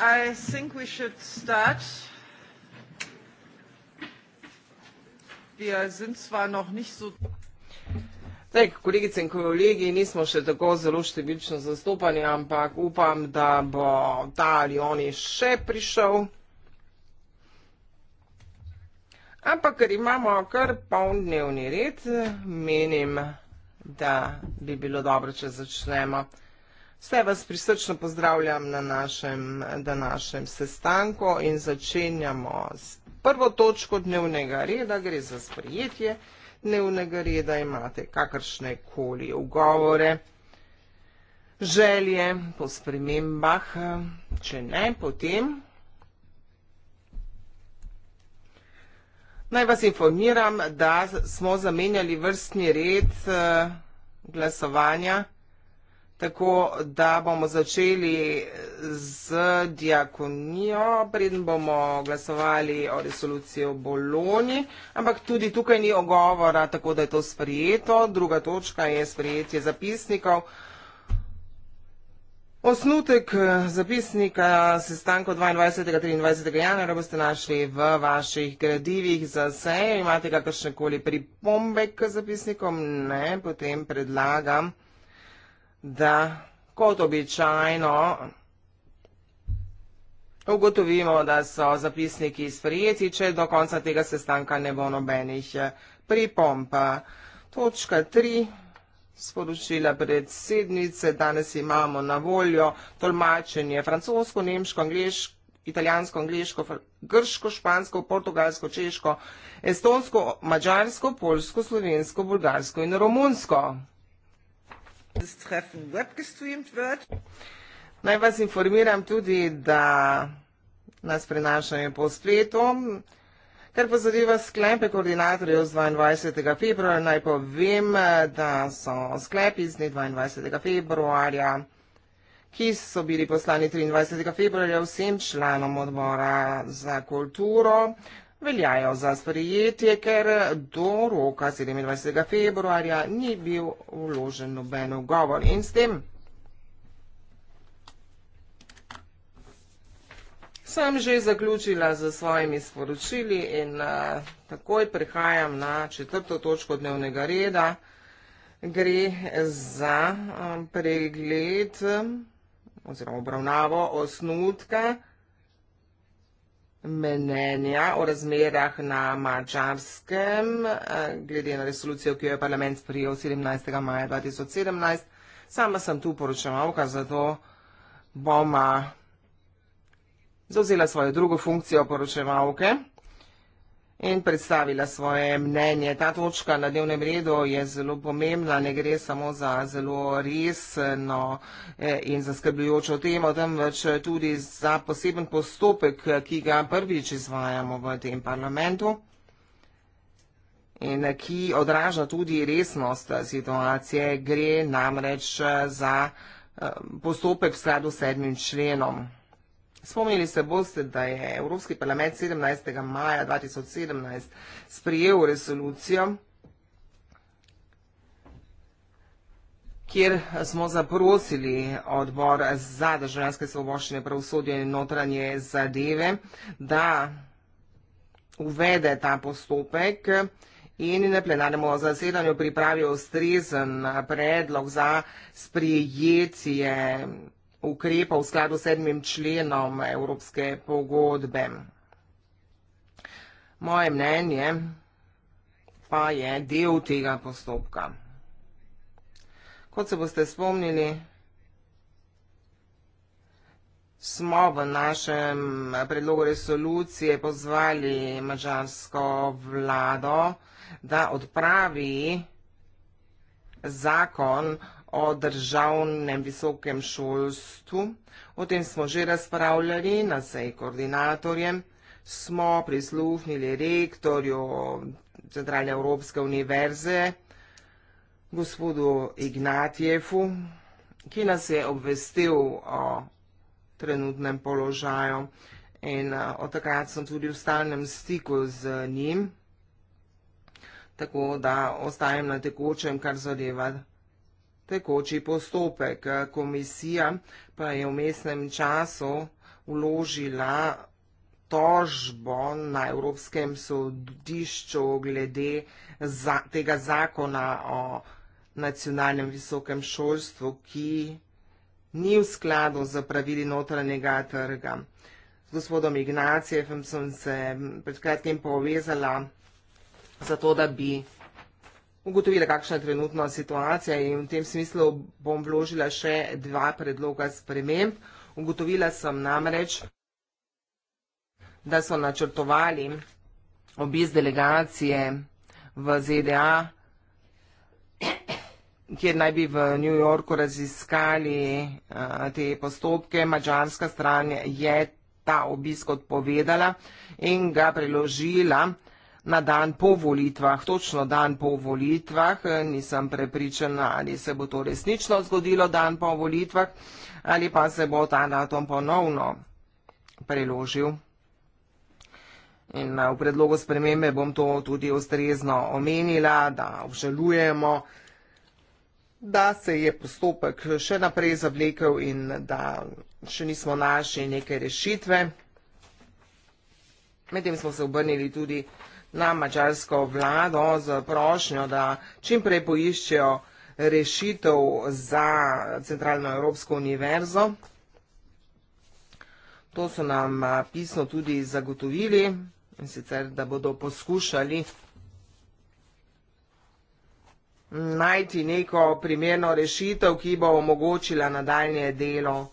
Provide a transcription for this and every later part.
I think we should start. Wir sind zwar noch nicht so. Zdaj, kolegice in kolegi, nismo še tako zelo številčno zastopani, ampak upam, da bo ta ali oni še prišel. Ampak, ker imamo kar poln dnevni red, menim, da bi bilo dobro, če začnemo. Vse vas prisrčno pozdravljam na našem današnjem sestanku in začenjamo s prvo točko dnevnega reda, gre za sprejetje dnevnega reda, imate kakršne koli ugovore, želje po spremembah, če ne, potem. Naj vas informiram, da smo zamenjali vrstni red eh, glasovanja. Tako da bomo začeli z diakonijo, preden bomo glasovali o resoluciji o Bologni, ampak tudi tukaj ni ogovora, tako da je to sprijeto. Druga točka je sprijetje zapisnikov. Osnutek zapisnika sestanka 22. in 23. januarja boste našli v vaših gradivih za sejo. Imate kakršnekoli pripombe k zapisnikom? Ne, potem predlagam da kot običajno ugotovimo, da so zapisniki sprejeti, če do konca tega sestanka ne bo nobenih eh, pripomp. Točka 3. Sporočila predsednice, danes imamo na voljo tolmačenje francosko, nemško, angliško, italijansko, angliško, grško, špansko, portugalsko, češko, estonsko, mađarsko, polsko, slovensko, bulgarsko in romunsko das Treffen webgestreamt wird. Naj vas informiram tudi, da nas prinašajo po spletu. Ker pa zadeva sklepe koordinatorjev z 22. februarja, naj povem, da so sklepi z dne 22. februarja, ki so bili poslani 23. februarja vsem članom odbora za kulturo, veljajo za sprejetje, ker do roka 27. februarja ni bil vložen noben ugovor in s tem sem že zaključila z svojimi sporočili in a, takoj prihajam na četrto točko dnevnega reda. Gre za a, pregled oziroma obravnavo osnutka mnenja o razmerah na mačarskem, eh, glede na resolucijo, ki jo je parlament sprijel 17. maja 2017. Sama sem tu poročevalka, zato bom zauzela svojo drugo funkcijo poročevalke. Okay? in predstavila svoje mnenje. Ta točka na dnevnem redu je zelo pomembna, ne gre samo za zelo resno eh, in zaskrbljujočo temo, temveč tudi za poseben postopek, ki ga prvič izvajamo v tem parlamentu in ki odraža tudi resnost situacije. Gre namreč eh, za eh, postopek v skladu s sedmim členom. Spomnili se boste, da je Evropski parlament 17. maja 2017 sprijel resolucijo, kjer smo zaprosili odbor za državljanske svoboščine, pravosodje in notranje zadeve, da uvede ta postopek in na plenarnem zasedanju pripravi ustrezen predlog za sprijetje ukrepa v skladu s 7. členom Evropske pogodbe. Moje mnenje pa je del tega postopka. Kot se boste spomnili, smo v našem predlogu resolucije pozvali mađarsko vlado, da odpravi zakon o o državnem visokem šolstvu. O tem smo že razpravljali na sej koordinatorje. Smo prisluhnili rektorju Centralne Evropske univerze, gospodu Ignatjevu, ki nas je obvestil o trenutnem položaju in eh, od takrat sem tudi v stalnem stiku z njim, tako da ostajem na tekočem, kar zadeva državljanje tekoči postopek. Komisija pa je v mestnem času uložila tožbo na Evropskem sodišču glede za, tega zakona o nacionalnem visokem šolstvu, ki ni v skladu z pravili notranjega trga. Z gospodom Ignacijevem sem se pred kratkim povezala za to, da bi ugotovila, kakšna je trenutna situacija in v tem smislu bom vložila še dva predloga sprememb. Ugotovila sem namreč, da so načrtovali obiz delegacije v ZDA, kjer naj bi v New Yorku raziskali eh, te postopke. Mađarska stran je ta obisk odpovedala in ga preložila na dan po volitvah, točno dan po volitvah, eh, nisem prepričana, ali se bo to resnično zgodilo dan po volitvah ali pa se bo ta datum ponovno preložil. In eh, v predlogu spremembe bom to tudi ustrezno omenila, da obžalujemo, da se je postopek še naprej zavlekel in da še nismo našli neke rešitve. Medtem smo se obrnili tudi na mačarsko vlado z prošnjo, da čimprej poiščejo rešitev za Centralno Evropsko univerzo. To so nam pisno tudi zagotovili, in sicer, da bodo poskušali najti neko primerno rešitev, ki bo omogočila nadaljnje delo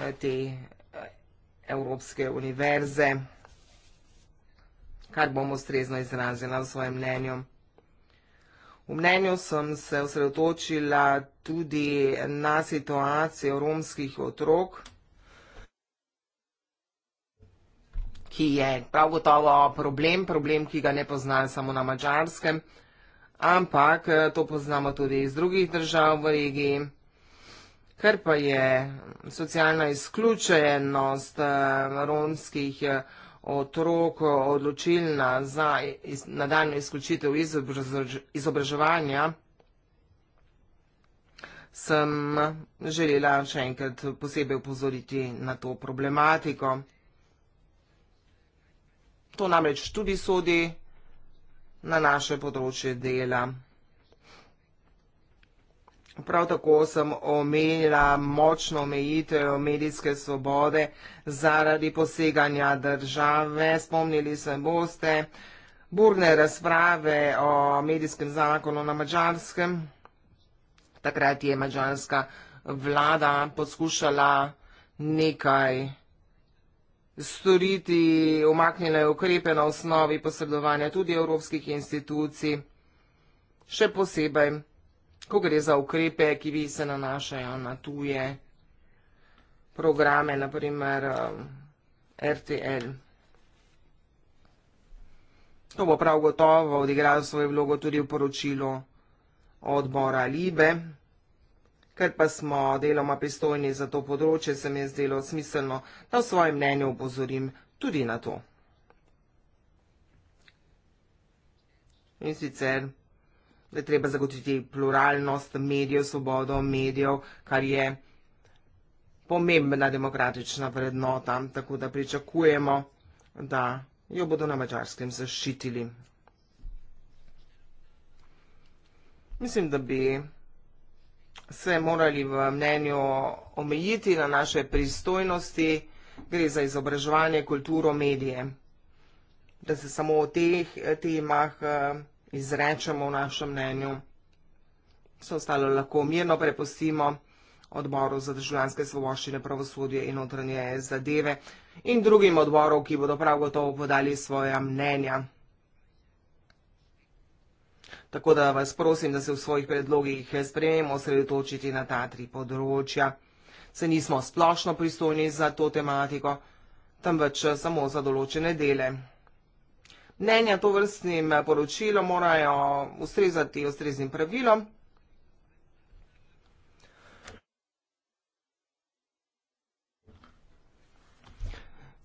e, te e, Evropske univerze kar bom ustrezno izrazila v svojem mnenju. V mnenju sem se osredotočila tudi na situacijo romskih otrok, ki je prav gotovo problem, problem, ki ga ne poznajo samo na mačarskem, ampak eh, to poznamo tudi iz drugih držav v regiji. Ker pa je socialna izključenost eh, romskih otrok, eh, otrok odločilna za nadaljno izključitev izobraževanja, sem želela še enkrat posebej upozoriti na to problematiko. To namreč tudi sodi na naše področje dela. Prav tako sem omenila močno omejitev medijske svobode zaradi poseganja države. Spomnili se boste burne razprave o medijskem zakonu na Mačarskem. Takrat je mačarska vlada poskušala nekaj storiti, umaknila je ukrepe na osnovi posredovanja tudi evropskih institucij, še posebej ko gre za ukrepe, ki bi se nanašajo na tuje programe, naprimer um, RTL. To bo prav gotovo odigralo svojo vlogo tudi v poročilu odbora Libe. Ker pa smo deloma pristojni za to področje, se mi je zdelo smiselno, da v svojem mnenju upozorim tudi na to. In sicer da je treba zagotoviti pluralnost medijev, svobodo medijev, kar je pomembna demokratična vrednota, tako da pričakujemo, da jo bodo na mačarskem zaščitili. Mislim, da bi se morali v mnenju omejiti na naše pristojnosti, gre za izobraževanje, kulturo, medije, da se samo o teh temah vsega, eh, izrečemo v našem mnenju. Vse ostalo lahko mirno prepustimo odboru za državljanske svoboščine, pravosodje in notranje zadeve in drugim odborom, ki bodo prav gotovo podali svoja mnenja. Tako da vas prosim, da se v svojih predlogih sprejemo osredotočiti na ta tri področja. Se nismo splošno pristojni za to tematiko, temveč samo za določene dele. Mnenja to vrstnim poročilom morajo ustrezati ustreznim pravilom.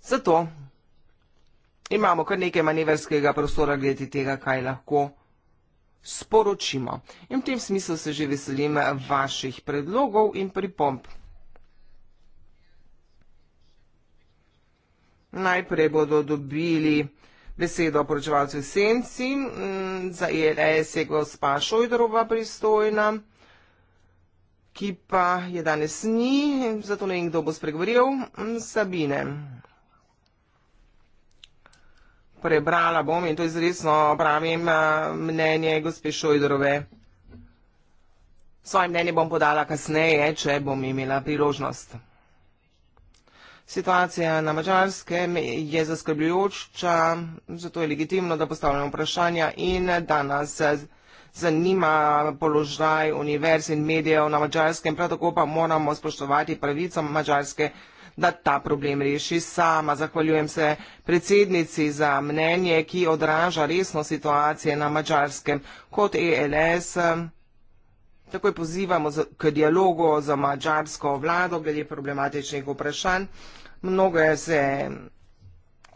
Zato imamo kar nekaj manevrskega prostora glede tega, kaj lahko sporočimo. In v tem smislu se že veselim vaših predlogov in pripomp. Najprej bodo dobili predlogov besedo poročevalcu Senci, mm, za IRS je gospa Šojdorova pristojna, ki pa je danes ni, zato ne vem, kdo bo spregovoril, mm, Sabine. Prebrala bom in to je zresno pravim eh, mnenje gospe Šojdorove. Svoje mnenje bom podala kasneje, če bom imela priložnost. Situacija na mačarskem je zaskrbljujoča, zato je legitimno, da postavljamo vprašanja in da nas zanima položaj univerz in medijev na mačarskem, prav tako pa moramo spoštovati pravico mačarske, da ta problem reši sama. Zahvaljujem se predsednici za mnenje, ki odraža resno situacije na mačarskem kot ELS. Takoj pozivamo k dialogu za mađarsko vlado glede problematičnih vprašanj. Mnogo je se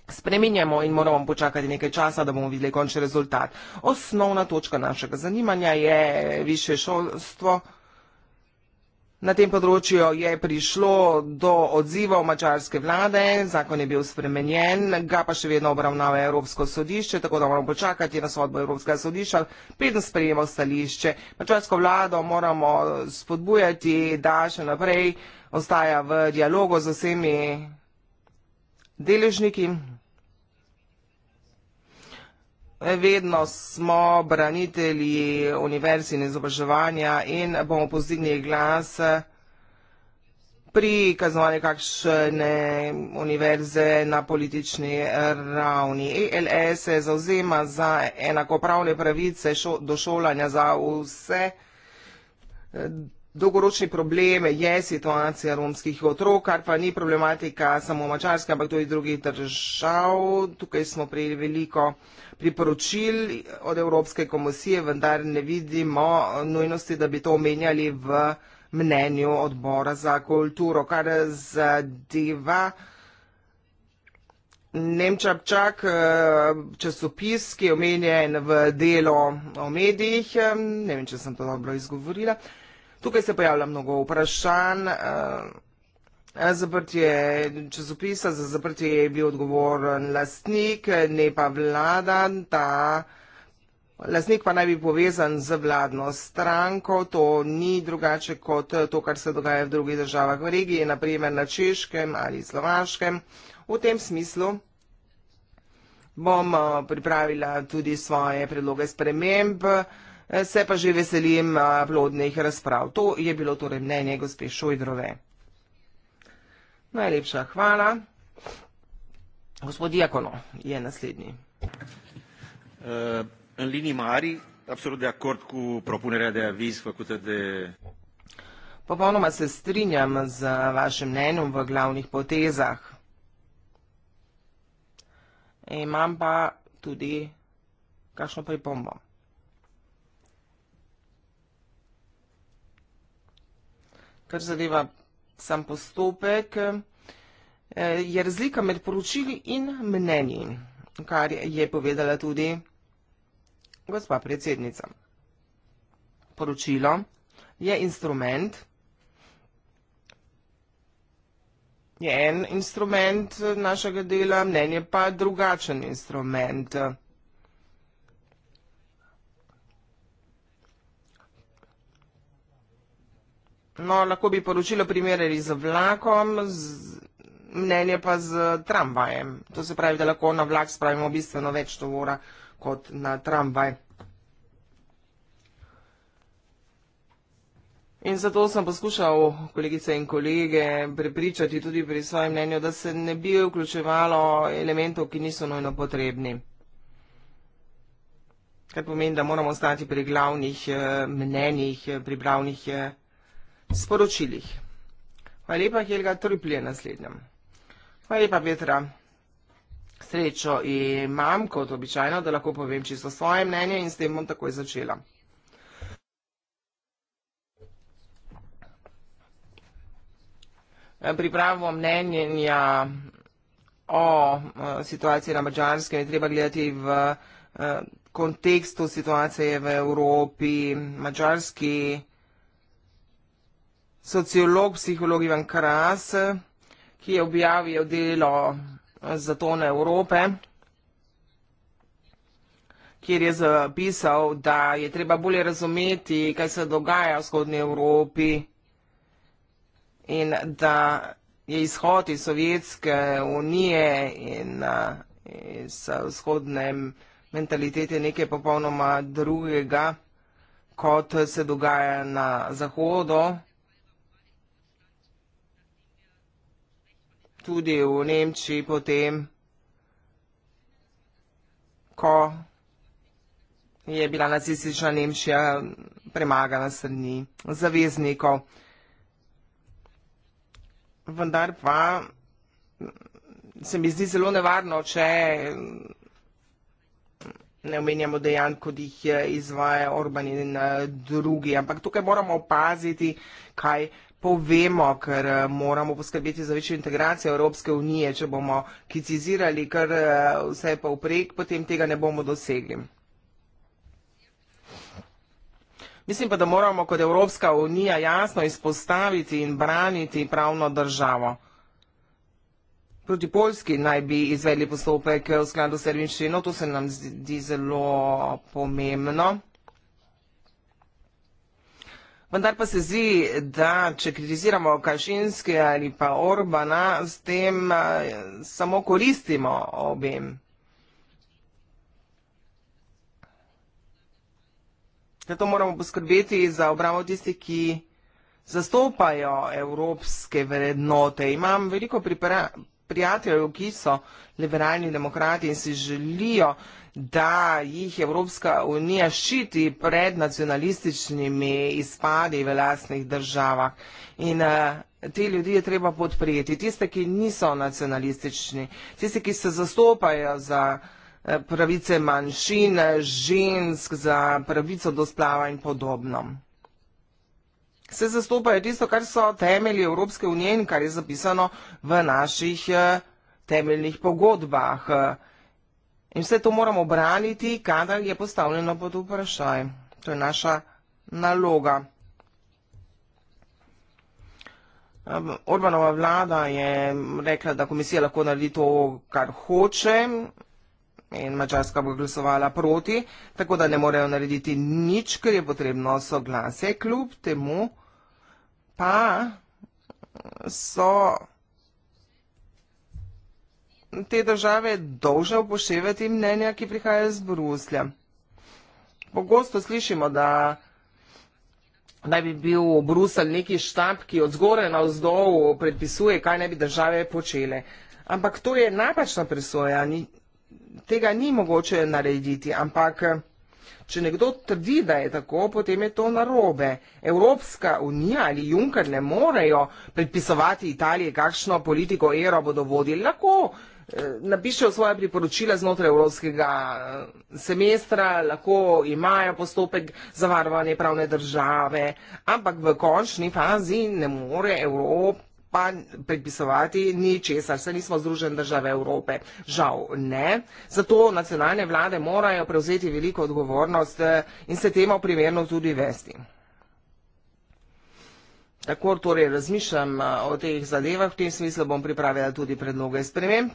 spreminjamo in moramo počakati nekaj časa, da bomo videli končni rezultat. Osnovna točka našega zanimanja je više šolstvo, Na tem področju je prišlo do odzivov mačarske vlade, zakon je bil spremenjen, ga pa še vedno obravnava Evropsko sodišče, tako da moramo počakati na sodbo Evropskega sodišča, preden sprejemo stališče. Mačarsko vlado moramo spodbujati, da še naprej ostaja v dialogu z vsemi deležniki. Vedno smo branitelji univerz in izobraževanja in bomo pozdignili glas pri kaznovanju kakšne univerze na politični ravni. ELS se zauzema za enakopravne pravice do šolanja za vse državljane dolgoročni probleme je situacija romskih otrok, kar pa ni problematika samo Mačarske, ampak tudi drugih držav. Tukaj smo prejeli veliko priporočil od Evropske komisije, vendar ne vidimo nujnosti, da bi to omenjali v mnenju odbora za kulturo, kar zadeva Nemčapčak časopis, ki je omenjen v delo o medijih, ne vem, če sem to dobro izgovorila, Tukaj se pojavlja mnogo vprašanj. Eh, zaprtje časopisa, za zaprtje je bil odgovoren lastnik, ne pa vlada, ta lastnik pa naj bi povezan z vladno stranko, to ni drugače kot to, kar se dogaja v drugih državah v regiji, naprimer na Češkem ali Slovaškem. V tem smislu bom eh, pripravila tudi svoje predloge sprememb se pa že veselim plodnih razprav. To je bilo torej mnenje gospe Šojdrove. Najlepša hvala. Gospod Jakono je naslednji. Uh, eh, Lini Mari, absolutno akord, ko propunere, da je viz, kot da je. Popolnoma se strinjam z vašim mnenjem v glavnih potezah. Imam pa tudi kakšno pripombo. kar zadeva sam postopek, eh, je razlika med poročili in mnenji, kar je povedala tudi gospa predsednica. Poročilo je instrument, je en instrument našega dela, mnenje pa drugačen instrument. No, lahko bi poročilo primerjali z vlakom, z mnenje pa z tramvajem. To se pravi, da lahko na vlak spravimo bistveno več tovora kot na tramvaj. In zato sem poskušal, kolegice in kolege, prepričati tudi pri svojem mnenju, da se ne bi vključevalo elementov, ki niso nojno potrebni. Kar pomeni, da moramo ostati pri glavnih eh, mnenjih, eh, pri glavnih mnenjih sporočilih. Hvala lepa, Helga, torej plije naslednjem. Hvala lepa, Petra. Srečo imam, kot običajno, da lahko povem čisto svoje mnenje in s tem bom takoj začela. Pripravo mnenja o eh, situaciji na Mačarskem je treba gledati v eh, kontekstu situacije v Evropi. Mačarski sociolog, psiholog Ivan Karas, ki je objavil delo eh, za tone Evrope, kjer je zapisal, da je treba bolje razumeti, kaj se dogaja v vzhodni Evropi in da je izhod iz Sovjetske unije in eh, iz vzhodne mentalitete nekaj popolnoma drugega, kot se dogaja na Zahodu. tudi v Nemčiji potem, ko je bila nacistična Nemčija premagana srni zaveznikov. Vendar pa se mi zdi zelo nevarno, če ne omenjamo dejanj, kot jih izvaja Orban in eh, drugi. Ampak tukaj moramo opaziti, kaj povemo, ker eh, moramo poskrbeti za večjo integracijo Evropske unije, če bomo kritizirali kar eh, vse pa vprek, potem tega ne bomo dosegli. Mislim pa, da moramo kot Evropska unija jasno izpostaviti in braniti pravno državo. Proti Poljski naj bi izvedli postopek eh, v skladu s srbinščino, to se nam zdi zelo pomembno. Vendar pa se zdi, da če kritiziramo Kašinske ali pa Orbana, s tem eh, samo koristimo obim. Zato moramo poskrbeti za obramo tistih, ki zastopajo evropske vrednote. Imam veliko pripra prijateljev, ki so liberalni demokrati in si želijo uh, da jih Evropska unija ščiti pred nacionalističnimi izpadi v lastnih državah. In eh, te ljudi je treba podprijeti, tiste, ki niso nacionalistični, tiste, ki se zastopajo za eh, pravice manjšin, žensk, za pravico do splava in podobno. Se zastopajo tisto, kar so temelji Evropske unije in kar je zapisano v naših eh, temeljnih pogodbah. In vse to moramo braniti, kadar je postavljeno pod vprašaj. To je naša naloga. Orbanova vlada je rekla, da komisija lahko naredi to, kar hoče in Mačarska bo glasovala proti, tako da ne morejo narediti nič, ker je potrebno soglase. Kljub temu pa so te države dolže upoštevati mnenja, ki prihajajo iz Bruslja. Pogosto slišimo, da naj bi bil Brusel neki štab, ki od zgore na vzdolj predpisuje, kaj naj bi države počele. Ampak to je napačna presoja, ni, tega ni mogoče narediti. Ampak če nekdo trdi, da je tako, potem je to narobe. Evropska unija ali Junker ne morejo predpisovati Italiji, kakšno politiko ERO bodo vodili. Lahko napišejo svoje priporočila znotraj evropskega eh, semestra, lahko imajo postopek za varovanje pravne države, ampak v končni fazi ne more Evropa pa predpisovati ni česar, saj nismo združene države Evrope. Žal ne. Zato nacionalne vlade morajo prevzeti veliko odgovornost eh, in se temo primerno tudi vesti. Tako torej razmišljam eh, o teh zadevah, v tem smislu bom pripravila tudi predloge sprememb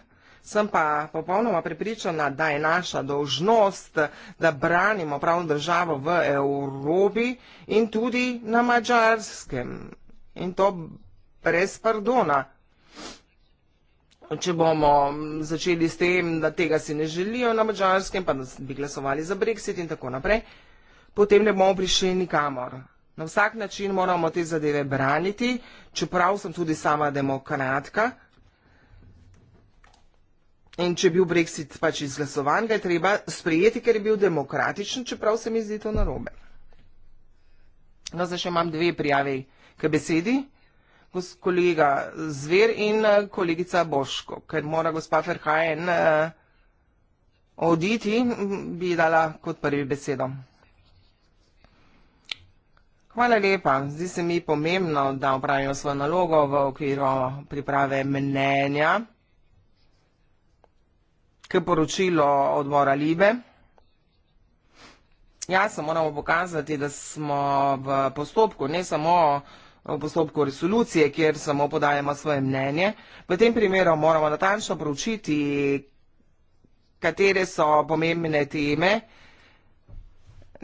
sem pa popolnoma pripričana, da je naša dolžnost, da branimo pravno državo v Evropi in tudi na Mačarskem. In to brez pardona. Če bomo začeli s tem, da tega si ne želijo na Mačarskem, pa da bi glasovali za Brexit in tako naprej, potem ne bomo prišli nikamor. Na vsak način moramo te zadeve braniti, čeprav sem tudi sama demokratka. In če je bil brexit pač izglasovan, ga je treba sprejeti, ker je bil demokratičen, čeprav se mi zdi to narobe. No, zdaj še imam dve prijave k besedi. Kolega Zver in eh, kolegica Boško, ker mora gospa Ferhajen uh, oditi, bi dala kot prvi besedo. Hvala lepa. Zdi se mi pomembno, da upravimo svojo nalogo v okviru priprave mnenja k poročilu odbora Libe. Jasno moramo pokazati, da smo v postopku, ne samo v postopku resolucije, kjer samo podajamo svoje mnenje. V tem primeru moramo natančno proučiti, katere so pomembne teme,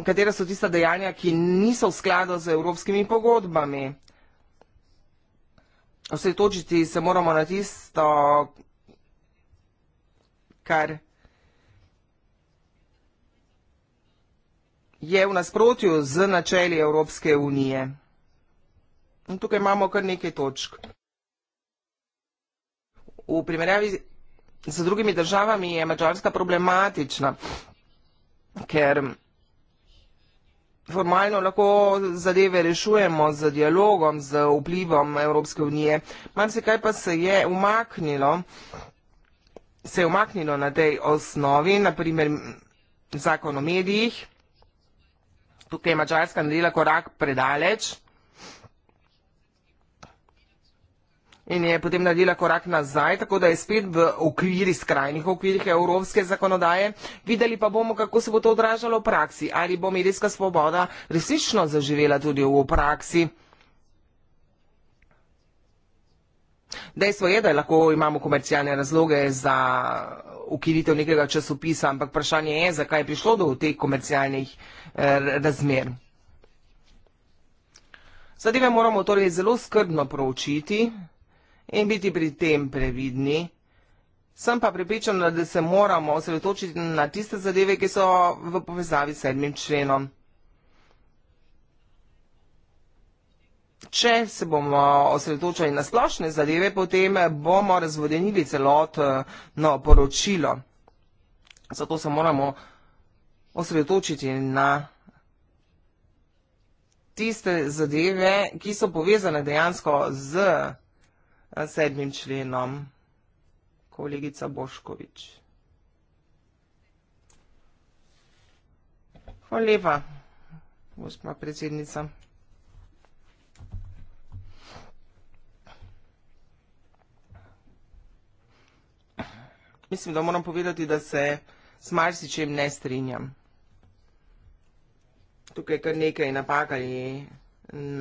katere so tista dejanja, ki niso v skladu z evropskimi pogodbami. Vse točiti se moramo na tisto, kar je v nasprotju z načeli Evropske unije. In tukaj imamo kar nekaj točk. V primerjavi z drugimi državami je Mačarska problematična, ker formalno lahko zadeve rešujemo z dialogom, z vplivom Evropske unije. Mar se kaj pa se je umaknilo, se je umaknilo na tej osnovi, naprimer zakon o medijih, tukaj je Mačarska naredila korak predaleč in je potem naredila korak nazaj, tako da je spet v okviri, skrajnih okvirih evropske zakonodaje. Videli pa bomo, kako se bo to odražalo v praksi, ali bo medijska svoboda resnično zaživela tudi v praksi. Dejstvo je, da je lahko imamo komercialne razloge za ukiritev nekega časopisa, ampak vprašanje je, zakaj je prišlo do teh komercialnih eh, razmer. Zadeve moramo torej zelo skrbno proučiti in biti pri tem previdni. Sem pa pripričana, da se moramo osredotočiti na tiste zadeve, ki so v povezavi s sedmim členom. Če se bomo osredotočali na splošne zadeve, potem bomo razvodenili celotno no, poročilo. Zato se moramo osredotočiti na tiste zadeve, ki so povezane dejansko z eh, sedmim členom, kolegica Boškovič. Hvala lepa, gospa predsednica. Mislim, da moram povedati, da se s marsičem ne strinjam. Tukaj kar nekaj napak ali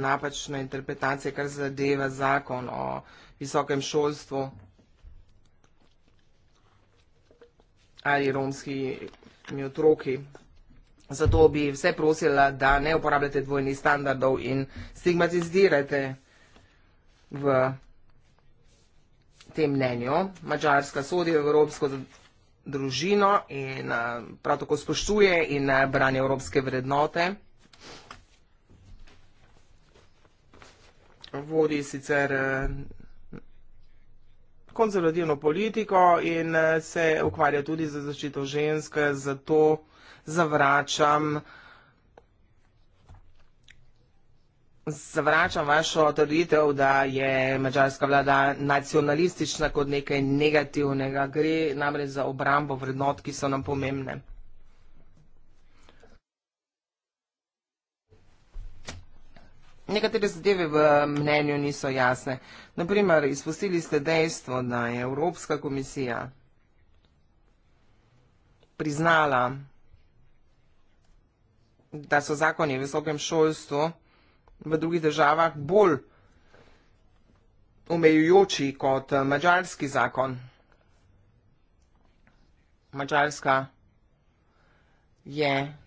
napačne interpretacije, kar zadeva zakon o visokem šolstvu ali romskimi otroki. Zato bi vse prosila, da ne uporabljate dvojnih standardov in stigmatizirajte v tem mnenju. Mačarska sodi v evropsko družino in eh, prav tako spoštuje in eh, brani evropske vrednote. Vodi sicer eh, konzervativno politiko in se ukvarja tudi za zaščito ženske, zato zavračam vrednost. Zavračam vašo trditev, da je mađarska vlada nacionalistična kot nekaj negativnega. Gre namreč za obrambo vrednot, ki so nam pomembne. Nekatere zadeve v mnenju niso jasne. Naprimer, izpustili ste dejstvo, da je Evropska komisija priznala, da so zakoni v visokem šolstvu, v drugih državah bolj omejujoči kot eh, mađarski zakon. Mađarska je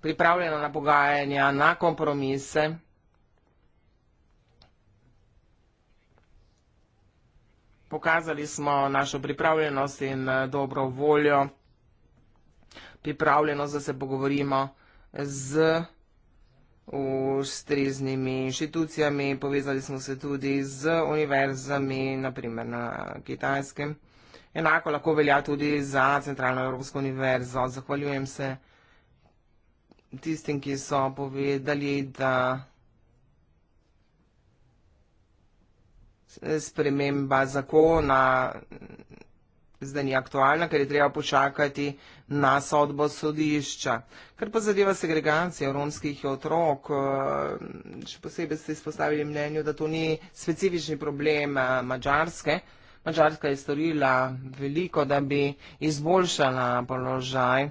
pripravljena na pogajanja, na kompromise. Pokazali smo našo pripravljenost in eh, dobro voljo, pripravljenost, da se pogovorimo z ustreznimi inštitucijami, povezali smo se tudi z univerzami, naprimer na kitajskem. Enako lahko velja tudi za Centralno Evropsko univerzo. Zahvaljujem se tistim, ki so povedali, da sprememba zakona zdaj ni aktualna, ker je treba počakati na sodbo sodišča. Kar pa zadeva segregacijo romskih otrok, eh, še posebej ste izpostavili mnenju, da to ni specifični problem eh, Mačarske. Mačarska je storila veliko, da bi izboljšala položaj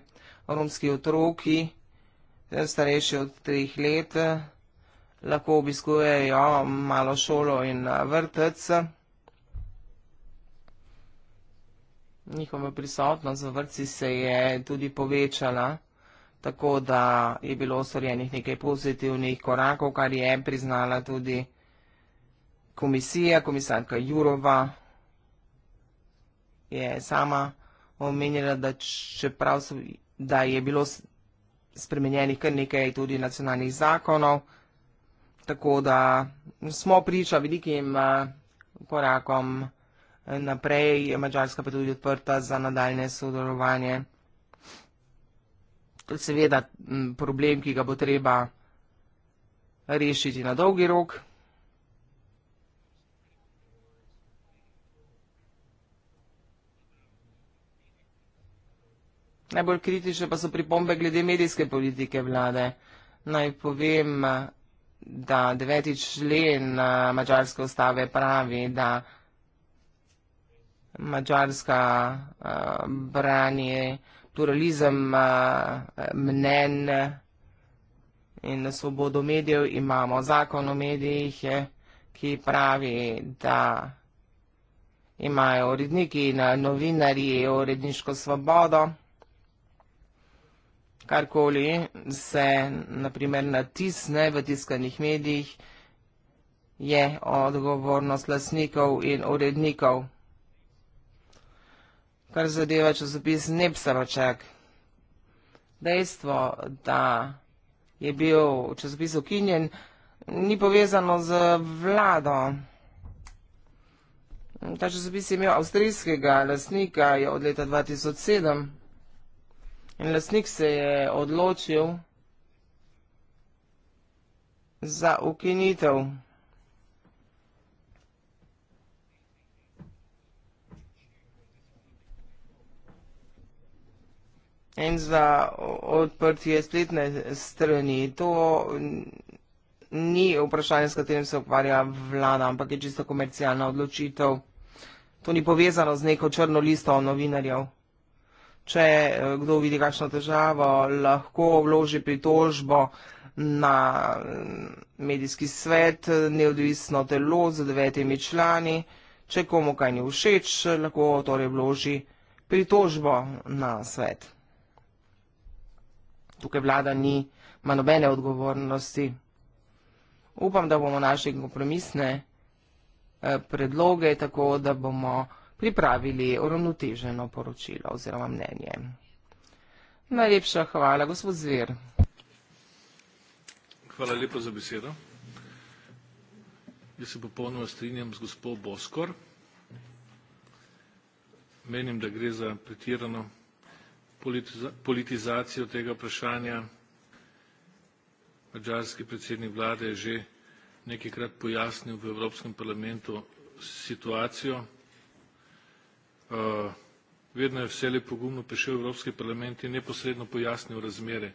romskih otrok, ki eh, starejši od treh let lahko obiskujejo malo šolo in vrtec. njihova prisotnost v vrci se je tudi povečala, tako da je bilo ustvarjenih nekaj pozitivnih korakov, kar je priznala tudi komisija, komisarka Jurova je sama omenjala, da čeprav so, da je bilo spremenjenih kar nekaj tudi nacionalnih zakonov, tako da smo priča velikim eh, korakom. Uh, naprej, je Mačarska pa tudi odprta za nadaljne sodelovanje. To je seveda problem, ki ga bo treba rešiti na dolgi rok. Najbolj kritične pa so pripombe glede medijske politike vlade. Naj povem, da deveti člen mačarske ustave pravi, da Mačarska uh, brani pluralizem uh, mnen in svobodo medijev. Imamo zakon o medijih, eh, ki pravi, da imajo uredniki in novinari uredniško svobodo. Karkoli se naprimer natisne v tiskanih medijih, je odgovornost lasnikov in urednikov kar zadeva časopis Nepsaročak. Dejstvo, da je bil časopis ukinjen, ni povezano z vlado. Ta časopis je imel avstrijskega lasnika je od leta 2007 in lasnik se je odločil za ukinitev. in za odprtje spletne strani. To ni vprašanje, s katerim se ukvarja vlada, ampak je čisto komercialna odločitev. To ni povezano z neko črno listo novinarjev. Če eh, kdo vidi kakšno težavo, lahko vloži pritožbo na mm, medijski svet, neodvisno telo z devetimi člani. Če komu kaj ni všeč, lahko torej vloži pritožbo na svet tukaj vlada ni, ima nobene odgovornosti. Upam, da bomo naše kompromisne eh, predloge tako, da bomo pripravili uravnoteženo poročilo oziroma mnenje. Najlepša hvala, gospod Zver. Hvala lepa za besedo. Jaz se popolnoma strinjam z gospod Boskor. Menim, da gre za pretirano politizacijo tega vprašanja. Mačarski predsednik vlade je že nekajkrat pojasnil v Evropskem parlamentu situacijo. Uh, vedno je vselej pogumno prišel v Evropski parlament in neposredno pojasnil razmere.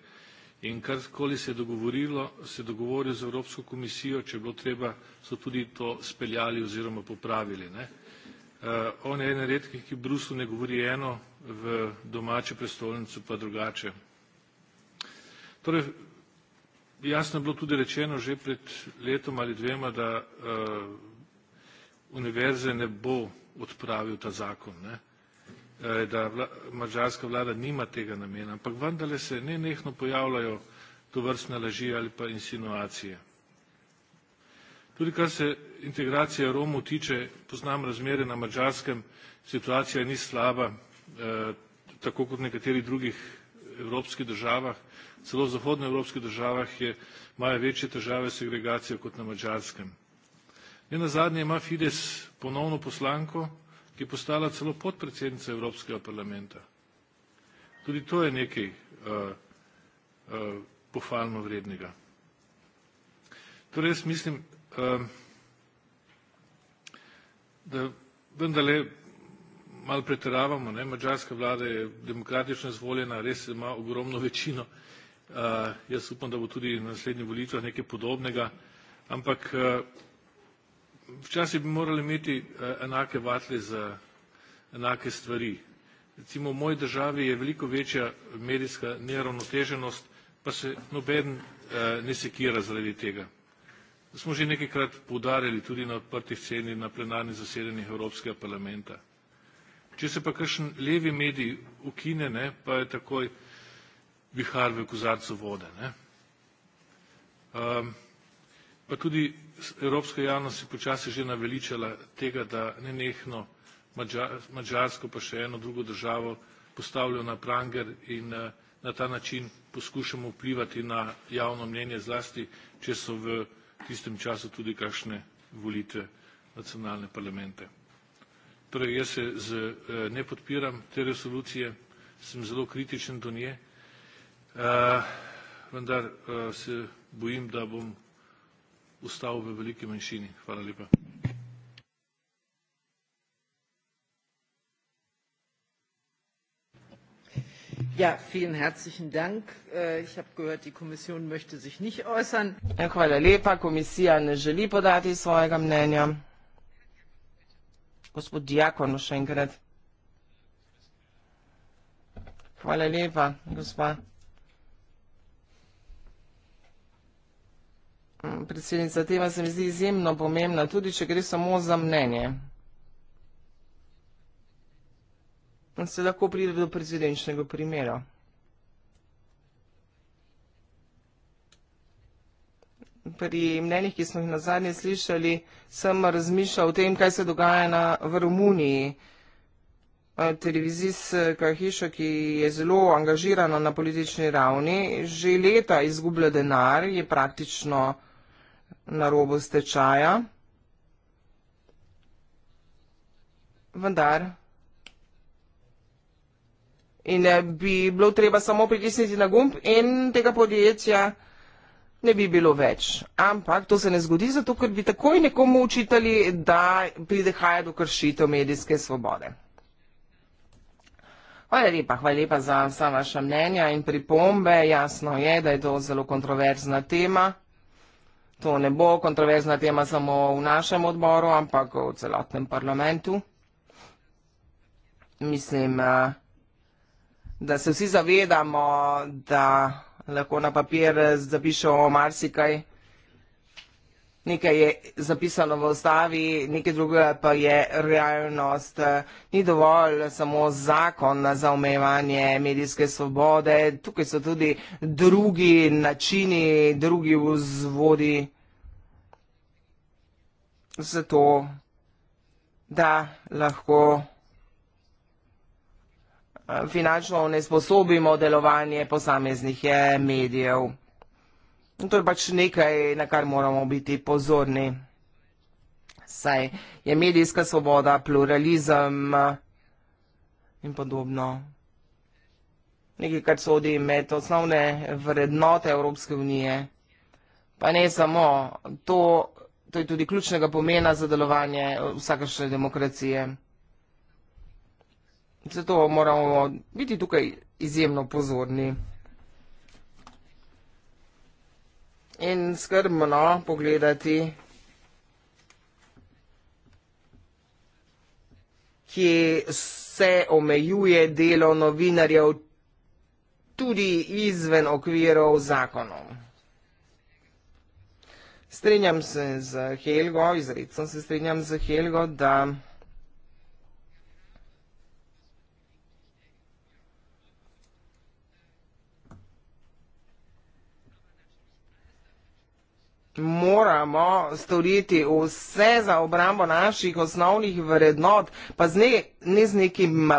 In karkoli se je dogovorilo, se je dogovoril z Evropsko komisijo, če je bilo treba, so tudi to speljali oziroma popravili. Ne? Uh, on je eden redkih, ki v Bruslu ne govori eno, v domači prestolnici pa drugače. Torej, jasno je bilo tudi rečeno že pred letom ali dvema, da uh, univerze ne bo odpravil ta zakon, ne? E, da vla, mađarska vlada nima tega namena, ampak vendarle se ne nehno pojavljajo to vrstne laži ali pa insinuacije. Tudi kar se integracije Romov tiče, poznam razmere na mađarskem, situacija ni slaba, Eh, tako kot v nekaterih drugih evropskih državah, celo v zahodnoevropskih državah je, imajo večje težave s segregacijo kot na Mačarskem. Ne nazadnje ima Fides ponovno poslanko, ki je postala celo podpredsednica Evropskega parlamenta. Tudi to je nekaj uh, uh, pohvalno vrednega. Torej jaz mislim, uh, da vendarle malo pretiravamo, ne, madžarska vlada je demokratično izvoljena, res ima ogromno večino, eh, jaz upam, da bo tudi na naslednjih volitvah nekaj podobnega, ampak eh, včasih bi morali imeti eh, enake vatle za enake stvari. Recimo v moji državi je veliko večja medijska neravnoteženost, pa se noben ne sekira zaradi tega. Smo že nekajkrat poudarjali tudi na odprti sceni na plenarnih zasedanjih Evropskega parlamenta. Če se pa kakšen levi medij ukine, ne, pa je takoj vihar v kozarcu vode. Ne. Um, pa tudi evropska javnost je počasi že naveličala tega, da ne nehno Mađar, Mađarsko pa še eno drugo državo postavljajo na pranger in uh, na ta način poskušamo vplivati na javno mnenje zlasti, če so v tistem času tudi kakšne volitve nacionalne parlamente torej jaz se z, eh, ne podpiram te resolucije, sem zelo kritičen do nje, eh, vendar eh, se bojim, da bom ustal v veliki manjšini. Hvala lepa. Ja, vielen herzlichen Dank. Äh, ich habe gehört, die Kommission möchte sich nicht äußern. Ja, hvala lepa, komisija ne želi podati svojega mnenja gospod Diakonu še enkrat. Hvala lepa, gospa. Predsednica, tema se mi zdi izjemno pomembna, tudi če gre samo za mnenje. Se lahko pride do predsedničnega primera. pri mnenjih, ki smo jih na zadnje slišali, sem razmišljal o tem, kaj se dogaja na, v Romuniji. E, televizijska hiša, ki je zelo angažirana na politični ravni, že leta izgublja denar, je praktično na robu stečaja. Vendar. In e, bi bilo treba samo pritisniti na gumb in tega podjetja ne bi bilo več. Ampak to se ne zgodi zato, ker bi takoj nekomu učitali, da pridehaja do kršitev medijske svobode. Hvala lepa, hvala lepa za vsa vaša mnenja in pripombe. Jasno je, da je to zelo kontroverzna tema. To ne bo kontroverzna tema samo v našem odboru, ampak v celotnem parlamentu. Mislim, eh, da se vsi zavedamo, da lahko na papir eh, zapišemo marsikaj. Nekaj je zapisano v ustavi, nekaj drugega pa je realnost. Eh, ni dovolj samo zakon za omejevanje medijske svobode, tukaj so tudi drugi načini, drugi vzvodi. Zato, da lahko finančno onesposobimo delovanje posameznih eh, medijev. In to je pač nekaj, na kar moramo biti pozorni. Saj je medijska svoboda, pluralizem eh, in podobno. Nekaj, kar sodi med osnovne vrednote Evropske unije. Pa ne samo, to, to je tudi ključnega pomena za delovanje vsakašne demokracije. Zato moramo biti tukaj izjemno pozorni in skrbno pogledati, kje se omejuje delo novinarjev tudi izven okvirov zakonov. Strenjam se z Helgo, izredno se strenjam z Helgo, da moramo storiti vse za obrambo naših osnovnih vrednot, pa ne, ne z nekim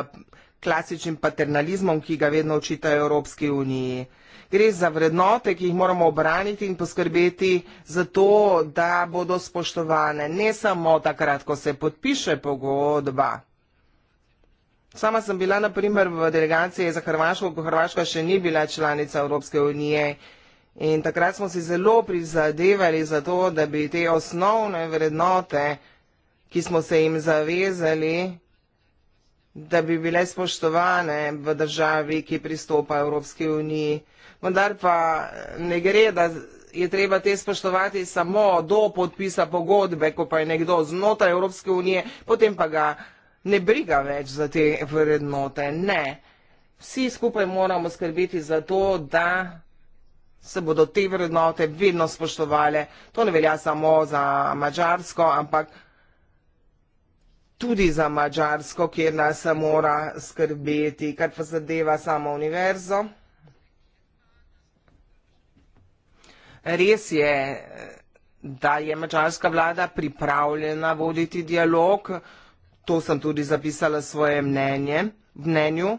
klasičnim paternalizmom, ki ga vedno očitajo Evropski uniji. Gre za vrednote, ki jih moramo obraniti in poskrbeti za to, da bodo spoštovane ne samo takrat, ko se podpiše pogodba. Sama sem bila naprimer v delegaciji za Hrvaško, ko Hrvaška še ni bila članica Evropske unije In takrat smo si zelo prizadevali za to, da bi te osnovne vrednote, ki smo se jim zavezali, da bi bile spoštovane v državi, ki pristopa Evropske unije. Vendar pa eh, ne gre, da je treba te spoštovati samo do podpisa pogodbe, ko pa je nekdo znotraj Evropske unije, potem pa ga ne briga več za te vrednote. Ne. Vsi skupaj moramo skrbeti za to, da se bodo te vrednote vedno spoštovale. To ne velja samo za Mačarsko, ampak tudi za Mačarsko, kjer nas se mora skrbeti, kar pa zadeva samo univerzo. Res je, da je mačarska vlada pripravljena voditi dialog, to sem tudi zapisala svoje mnenje, mnenju,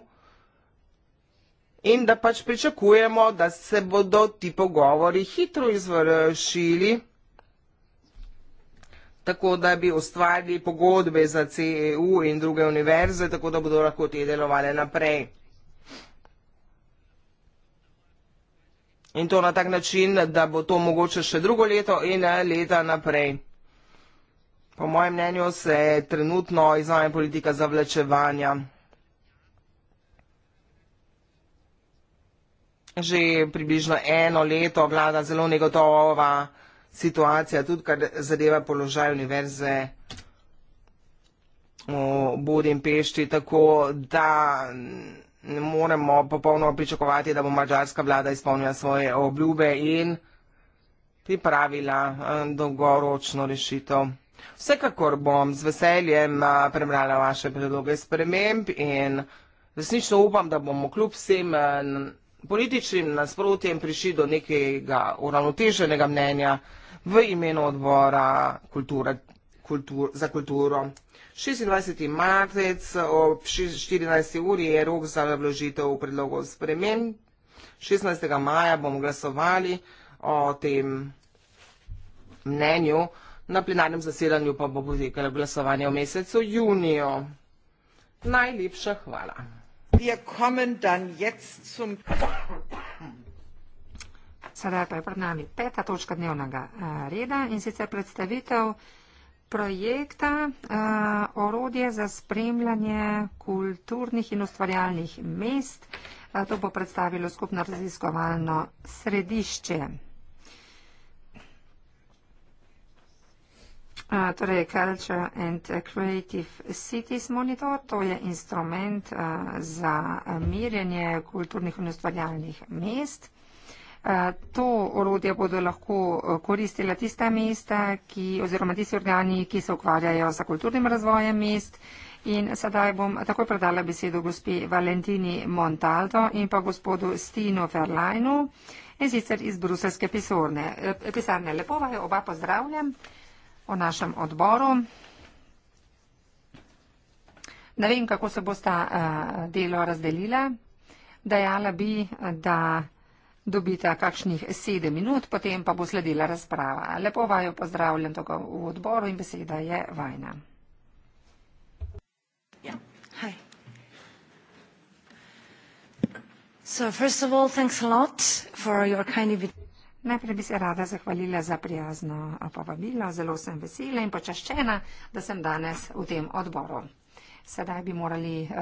in da pač pričakujemo, da se bodo ti pogovori hitro izvršili, tako da bi ustvarili pogodbe za CEU in druge univerze, tako da bodo lahko te delovali naprej. In to na tak način, da bo to mogoče še drugo leto in leta naprej. Po mojem mnenju se trenutno izvajanje politika zavlečevanja. že približno eno leto vlada zelo negotova situacija, tudi kar zadeva položaj univerze v Budimpešti, tako da ne moremo popolnoma pričakovati, da bo mađarska vlada izpolnila svoje obljube in pripravila eh, dolgoročno rešitev. Vsekakor bom z veseljem eh, prebrala vaše predloge sprememb in resnično upam, da bomo kljub vsem eh, političnim nasprotjem prišli do nekega uravnoteženega mnenja v imenu odbora kultura, kultur, za kulturo. 26. marec ob 14. uri je rok za vložitev predlogov sprememb. 16. maja bomo glasovali o tem mnenju, na plenarnem zasedanju pa bo potekalo glasovanje v mesecu juniju. Najlepša hvala. Wir kommen dann jetzt zum. Sedaj pa je pred nami peta točka dnevnega eh, reda in sicer predstavitev projekta uh, Orodje za spremljanje kulturnih in ustvarjalnih mest. Uh, to bo predstavilo skupno raziskovalno središče. torej Culture and Creative Cities Monitor, to je instrument za merjenje kulturnih in ustvarjalnih mest. To orodje bodo lahko koristila tista mesta, ki, oziroma tisti organi, ki se ukvarjajo za kulturnim razvojem mest. In sedaj bom takoj predala besedo gospe Valentini Montaldo in pa gospodu Stino Ferlajnu in sicer iz bruselske e, pisarne. Lepo vaju oba pozdravljam o našem odboru. Ne vem, kako se bosta eh, delo razdelila. Dajala bi, da dobita kakšnih sedem minut, potem pa bo sledila razprava. Lepo vajo pozdravljam tako v odboru in beseda je vajna. Ja, so first of all, thanks a lot for your kind invitation. Najprej bi se rada zahvalila za prijazno povabilo. Zelo sem vesela in počaščena, da sem danes v tem odboru. Sedaj bi morali uh,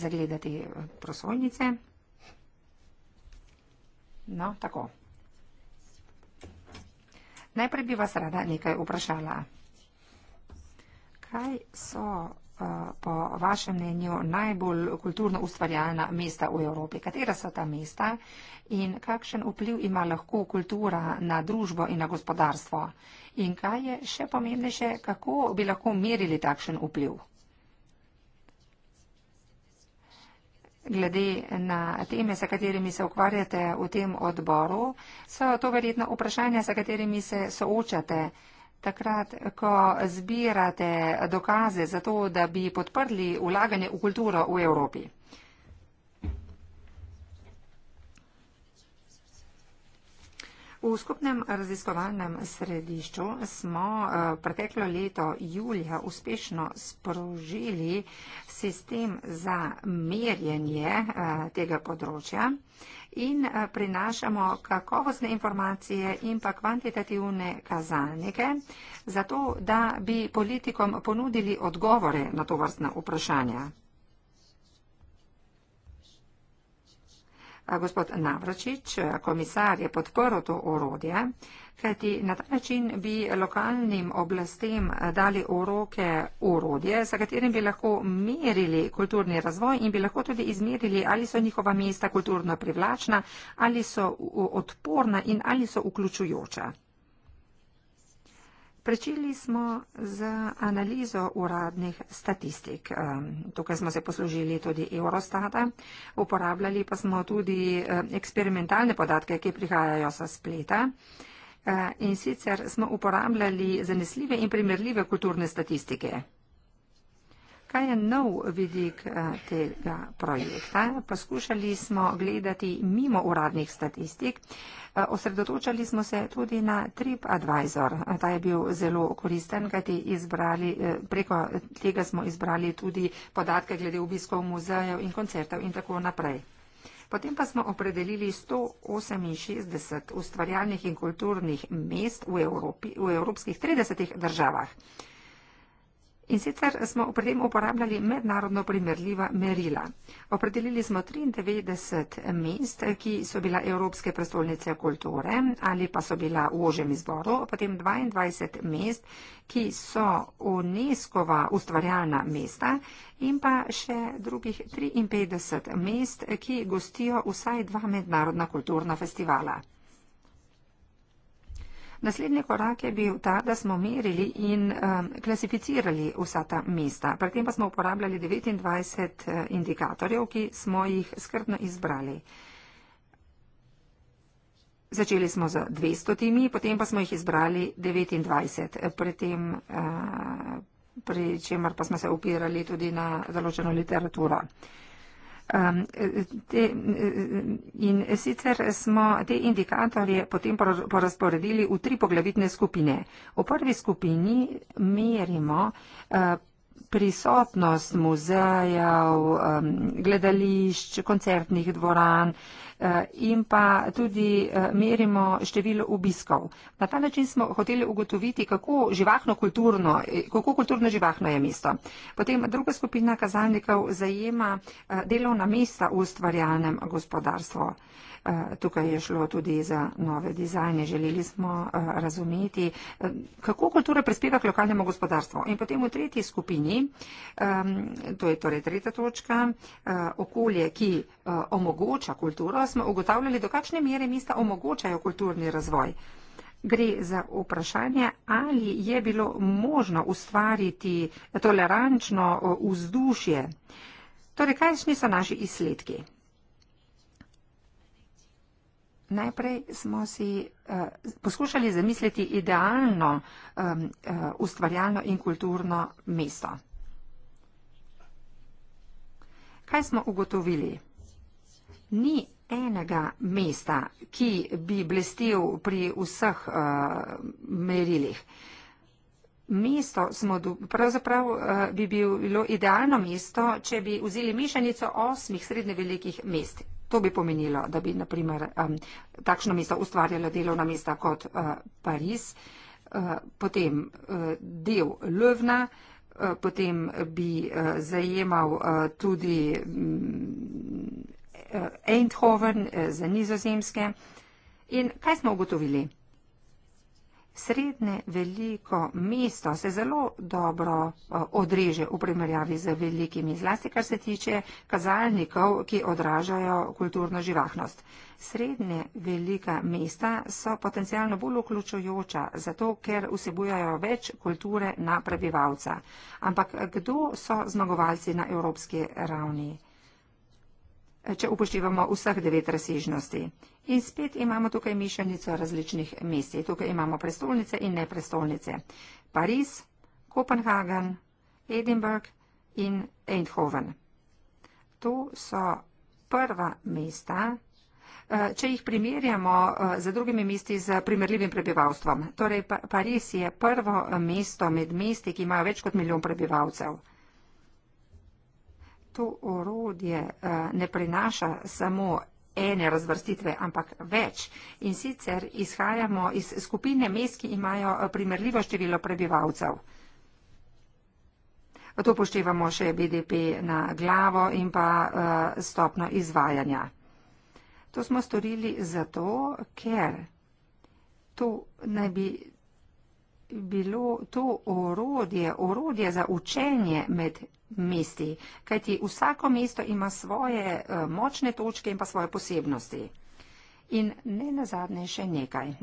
zagledati eh, prosojnice. No, tako. Najprej bi vas rada nekaj vprašala. Kaj so Eh, po vašem mnenju najbolj kulturno ustvarjalna mesta v Evropi. Katera so ta mesta in kakšen vpliv ima lahko kultura na družbo in na gospodarstvo? In kaj je še pomembnejše, kako bi lahko merili takšen vpliv? Glede na teme, sa katerimi se ukvarjate v tem odboru, so to verjetno vprašanja, sa katerimi se soočate. Takrat, ko zbirate dokaze za to, da bi podprli ulaganje v kulturo v Evropi. V skupnem raziskovalnem središču smo eh, preteklo leto julija uspešno sprožili sistem za merjenje eh, tega področja in eh, prinašamo kakovostne informacije in pa kvantitativne kazalnike, zato da bi politikom ponudili odgovore na to vrstna vprašanja. gospod Navračič, komisar, je podporil to orodje, kajti na ta način bi lokalnim oblastem dali v roke orodje, s katerim bi lahko merili kulturni razvoj in bi lahko tudi izmerili, ali so njihova mesta kulturno privlačna, ali so odporna in ali so vključujoča. Prečeli smo z analizo uradnih statistik. Tukaj smo se poslužili tudi Eurostata, uporabljali pa smo tudi eh, eksperimentalne podatke, ki prihajajo sa spleta. Eh, in sicer smo uporabljali zanesljive in primerljive kulturne statistike. Kaj je nov vidik eh, tega projekta? Poskušali smo gledati mimo uradnih statistik. Eh, osredotočali smo se tudi na TripAdvisor. Ta je bil zelo koristen, kajti izbrali, eh, preko tega smo izbrali tudi podatke glede obiskov muzejev in koncertov in tako naprej. Potem pa smo opredelili 168 ustvarjalnih in kulturnih mest v, Evropi, v evropskih 30 državah. In sicer smo pri tem uporabljali mednarodno primerljiva merila. Opredelili smo 93 mest, ki so bila Evropske prestolnice kulture ali pa so bila v ožem izboru, potem 22 mest, ki so UNESCO ustvarjalna mesta in pa še drugih 53 mest, ki gostijo vsaj dva mednarodna kulturna festivala. Naslednji korak je bil ta, da smo merili in uh, klasificirali vsa ta mesta. Pri tem pa smo uporabljali 29 eh, indikatorjev, ki smo jih skrbno izbrali. Začeli smo z 200 timi, potem pa smo jih izbrali 29, pri, tem, eh, pri čemer pa smo se upirali tudi na določeno literaturo. Um, te, eh, in sicer smo te indikatorje potem porazporedili v tri poglavitne skupine. V prvi skupini merimo uh, prisotnost muzejev, um, gledališč, koncertnih dvoran. Uh, Eh, in pa tudi eh, merimo število obiskov. Na ta način smo hoteli ugotoviti, kako živahno kulturno, eh, kako kulturno živahno je mesto. Potem druga skupina kazalnikov zajema delovna mesta v ustvarjalnem gospodarstvu. Eh, tukaj je šlo tudi za nove dizajne. Želeli smo eh, razumeti, eh, kako kultura prispeva k lokalnemu gospodarstvu. In potem v tretji skupini, to je torej tretja točka, okolje, ki omogoča kulturo, smo ugotavljali, do kakšne mere mesta omogočajo kulturni razvoj. Gre za vprašanje, ali je bilo možno ustvariti tolerančno vzdušje. Torej, kaj so naši izsledki? Najprej smo si uh, poskušali zamisliti idealno um, uh, ustvarjalno in kulturno mesto. Kaj smo ugotovili? Ni enega mesta, ki bi blestil pri vseh uh, merilih. Mesto smo, pravzaprav bi bilo idealno mesto, če bi vzeli mešanico osmih srednje velikih mest. To bi pomenilo, da bi naprimer um, takšno mesto ustvarjalo delovna mesta kot uh, Pariz, uh, potem uh, del Lövna, uh, potem bi uh, zajemal uh, tudi um, Eindhoven uh, za nizozemske. In kaj smo ugotovili? srednje veliko mesto se zelo dobro eh, odreže v primerjavi z velikimi, zlasti kar se tiče kazalnikov, ki odražajo kulturno živahnost. Srednje velika mesta so potencialno bolj vključujoča, zato ker vsebujajo več kulture na prebivalca. Ampak kdo so zmagovalci na evropski ravni? Če upoštevamo vseh devet razsežnosti. In spet imamo tukaj mišljenico različnih mest. Tukaj imamo prestolnice in ne prestolnice. Pariz, Kopenhagen, Edinburgh in Eindhoven. To so prva mesta, eh, če jih primerjamo eh, z drugimi mesti z primerljivim prebivalstvom. Torej, Pariz je prvo eh, mesto med mesti, ki imajo več kot milijon prebivalcev. To orodje ne prinaša samo ene razvrstitve, ampak več. In sicer izhajamo iz skupine mest, ki imajo eh, primerljivo število prebivalcev. To poštevamo še BDP na glavo in pa uh, eh, stopno izvajanja. To smo storili zato, ker to naj bi bilo to orodje, orodje za učenje med mesti, kajti vsako mesto ima svoje eh, močne točke in pa svoje posebnosti. In ne nazadnje še nekaj. Eh,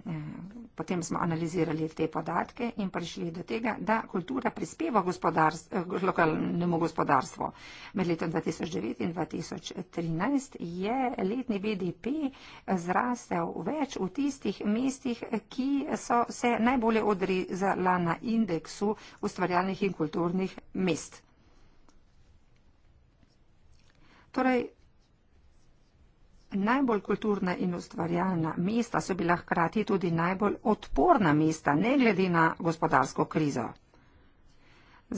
potem smo analizirali te podatke in prišli do tega, da kultura prispeva gospodarstv, eh, lokalnemu gospodarstvu. Med letom 2009 in 2013 je letni BDP zrastel več v tistih mestih, ki so se najbolje odrezala na indeksu ustvarjalnih in kulturnih mest. Torej, najbolj kulturna in ustvarjalna mesta so bila hkrati tudi najbolj odporna mesta, ne glede na gospodarsko krizo.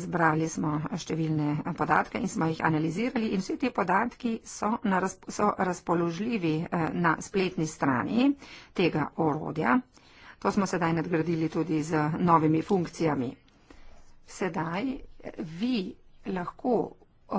Zbrali smo številne podatke in smo jih analizirali in vsi ti podatki so, na, so razpoložljivi eh, na spletni strani tega orodja. To smo sedaj nadgradili tudi z novimi funkcijami. Sedaj eh, vi lahko Eh,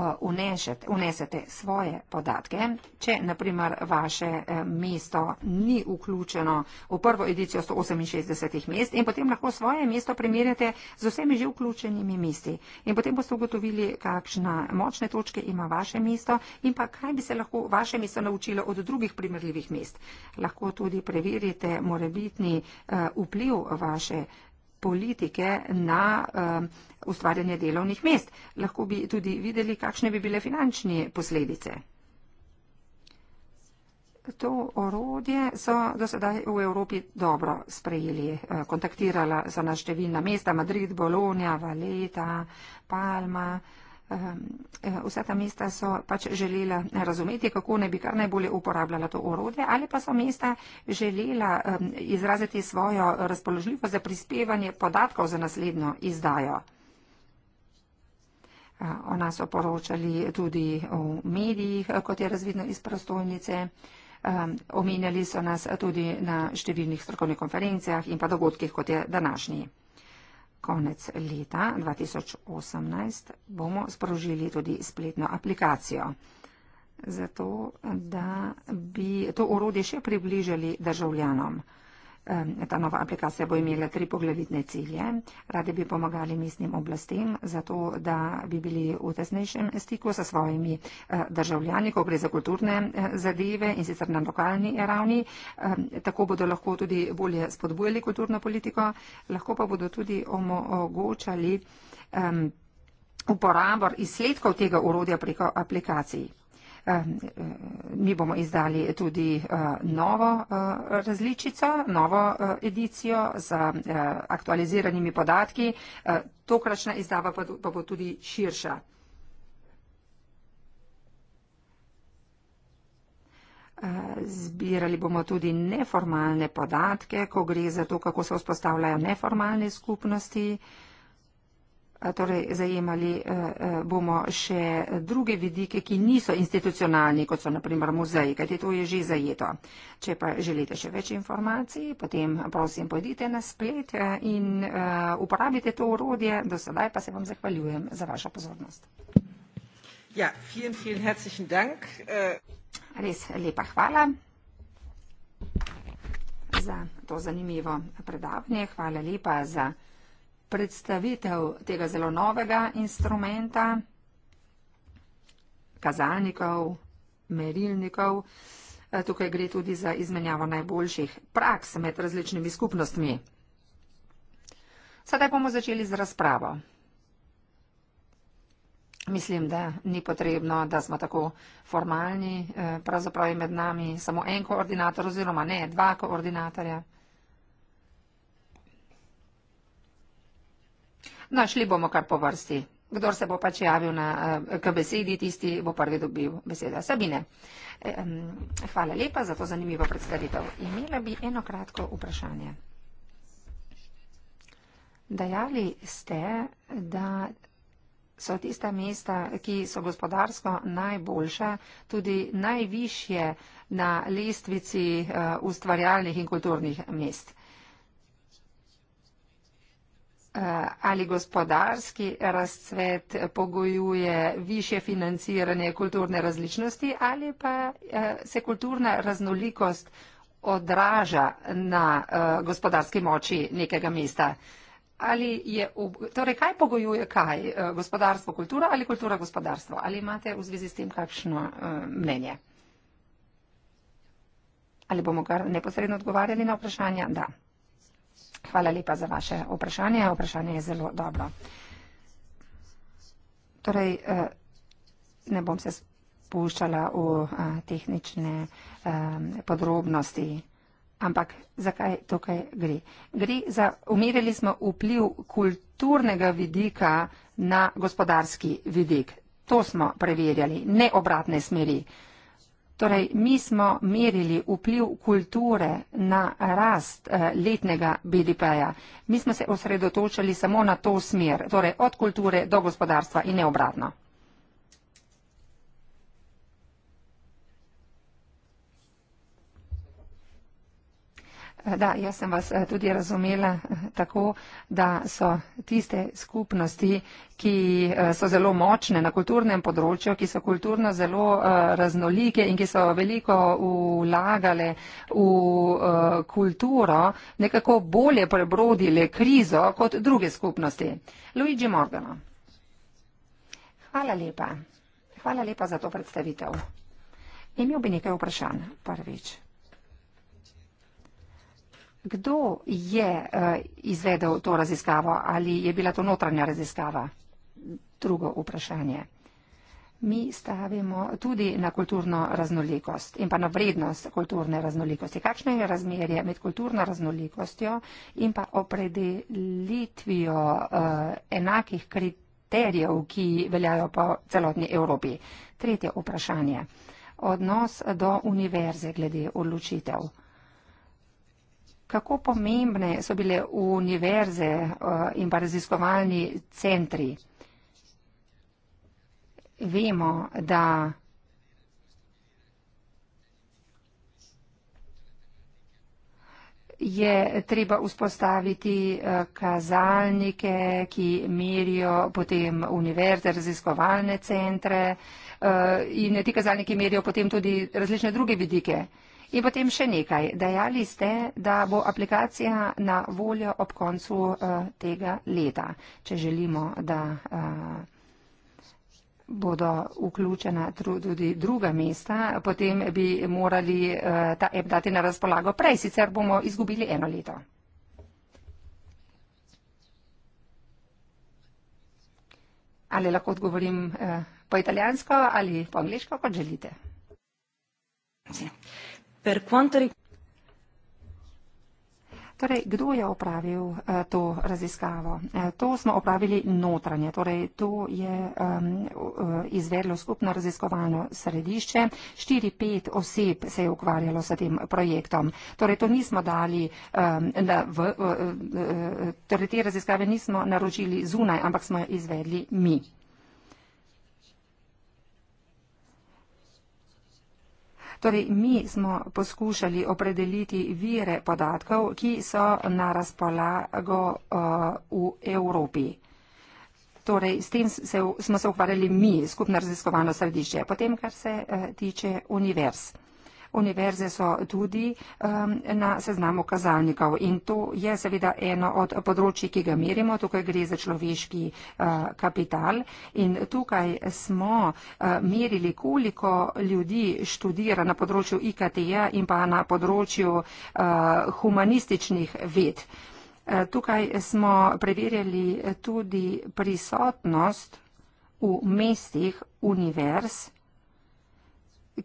unesete svoje podatke, če naprimer vaše eh, mesto ni vključeno v prvo edicijo 168 mest in potem lahko svoje mesto primerjate z vsemi že vključenimi mesti. In potem boste ugotovili, kakšne močne točke ima vaše mesto in pa kaj bi se lahko vaše mesto naučilo od drugih primerljivih mest. Lahko tudi preverite morebitni eh, vpliv vaše mesto politike na uh, ustvarjanje delovnih mest. Lahko bi tudi videli, kakšne bi bile finančne posledice. To orodje so do sedaj v Evropi dobro sprejeli. Eh, kontaktirala so na številna mesta Madrid, Bologna, Valeta, Palma. Uh, Ehm, eh, vsa ta mesta so pač želela eh, razumeti, kako ne bi kar najbolje uporabljala to orodje, ali pa so mesta želela ehm, izraziti svojo razpoložljivost za prispevanje podatkov za naslednjo izdajo. Eh, o nas so poročali tudi v medijih, kot je razvidno iz prostojnice. Ehm, omenjali so nas tudi na številnih strokovnih konferencijah in pa dogodkih, kot je današnji konec leta 2018 bomo sprožili tudi spletno aplikacijo, zato da bi to orodje še približali državljanom. Eh, ta nova aplikacija bo imela tri poglavitne cilje. Radi bi pomagali mestnim oblastem, zato da bi bili v tesnejšem stiku sa svojimi eh, državljani, ko gre za kulturne eh, zadeve in sicer na lokalni ravni. Tako bodo lahko tudi bolje spodbujali kulturno politiko, lahko pa bodo tudi omogočali uporabo izsledkov tega urodja preko aplikacij mi bomo izdali tudi eh, novo eh, različico, novo eh, edicijo z aktualiziranimi podatki. Tokračna izdava pa bo tudi širša. Zbirali bomo tudi neformalne podatke, ko gre za to, kako se vzpostavljajo neformalne skupnosti. Torej, zajemali eh, eh, bomo še druge vidike, ki niso institucionalni, kot so naprimer muzeji, kajti to je že zajeto. Če pa želite še več informacij, potem prosim, pojdite na splet eh, in uporabite to urodje. Do sedaj pa se vam zahvaljujem za vašo pozornost. Ja, vielen, vielen herzlichen Dank. Res lepa hvala za to zanimivo predavanje. Hvala lepa za predstavitev tega zelo novega instrumenta, kazalnikov, merilnikov. E, tukaj gre tudi za izmenjavo najboljših praks med različnimi skupnostmi. Sedaj bomo začeli z razpravo. Mislim, da ni potrebno, da smo tako formalni. E, pravzaprav je med nami samo en koordinator oziroma ne dva koordinatorja. Našli bomo kar po vrsti. Kdor se bo pač javil na, eh, k besedi, tisti bo prvi dobil besedo. Sabine, hvala lepa za to zanimivo predstavitev. Imela bi eno kratko vprašanje. Dajali ste, da so tista mesta, ki so gospodarsko najboljša, tudi najvišje na lestvici eh, ustvarjalnih in kulturnih mest. Eh, ali gospodarski razcvet pogojuje više financiranje kulturne različnosti ali pa eh, se kulturna raznolikost odraža na eh, gospodarski moči nekega mesta. Ali je, torej, kaj pogojuje kaj? Gospodarstvo, kultura ali kultura, gospodarstvo? Ali imate v zvezi s tem kakšno mnenje? Ali bomo kar neposredno odgovarjali na vprašanja? Da. Hvala lepa za vaše vprašanje. Vprašanje je zelo dobro. Torej, eh, ne bom se spuščala v eh, tehnične eh, podrobnosti, ampak zakaj tukaj gre? Gre za, umirili smo vpliv kulturnega vidika na gospodarski vidik. To smo preverjali, ne obratne smeri. Torej, mi smo merili vpliv kulture na rast eh, letnega BDP-ja. Mi smo se osredotočili samo na to smer, torej od kulture do gospodarstva in ne obratno. Da, jaz sem vas eh, tudi razumela eh, tako, da so tiste skupnosti, ki eh, so zelo močne na kulturnem področju, ki so kulturno zelo raznolike in ki so veliko ulagale v kulturo, nekako bolje prebrodile krizo kot druge skupnosti. Luigi Morgano. Hvala lepa. Hvala lepa za to predstavitev. Imel bi nekaj vprašanj. Prvič. Kdo je eh, izvedel to raziskavo ali je bila to notranja raziskava? Drugo vprašanje. Mi stavimo tudi na kulturno raznolikost in pa na vrednost kulturne raznolikosti. Kakšno je razmerje med kulturno raznolikostjo in pa opredelitvijo uh, enakih kriterijev, ki veljajo po celotni Evropi? Tretje vprašanje. Odnos do univerze glede odločitev. Uh, kako pomembne so bile univerze eh, in pa raziskovalni centri. Vemo, da je treba vzpostaviti eh, kazalnike, ki merijo potem univerze, raziskovalne centre eh, in ti kazalniki merijo potem tudi različne druge vidike. In potem še nekaj. Dajali ste, da bo aplikacija na voljo ob koncu uh, tega leta, če želimo, da uh, bodo vključena tudi druga mesta, potem bi morali uh, ta app dati na razpolago prej, sicer bomo izgubili eno leto. Ali lahko odgovorim eh, po italijansko ali po angliško, kot želite. Sì. Per quantari... Torej, kdo je opravil uh, to raziskavo? Uh, to smo opravili notranje, torej to je um, uh, izvedlo skupno raziskovalno središče. 4-5 oseb se je ukvarjalo s tem projektom. Torej, to nismo dali, um, na, v, uh, uh, torej te raziskave nismo naročili zunaj, ampak smo jo izvedli mi. Torej, mi smo poskušali opredeliti vire podatkov, ki so na razpolago uh, v Evropi. Torej, s tem se, smo se ukvarjali mi, skupno raziskovano središče. Potem, kar se uh, tiče univerz. Univerze so tudi um, na seznamu kazalnikov in to je seveda eno od področji, ki ga merimo. Tukaj gre za človeški uh, kapital in tukaj smo uh, merili, koliko ljudi študira na področju IKT-ja in pa na področju uh, humanističnih ved. Uh, tukaj smo preverjali tudi prisotnost v mestih univerz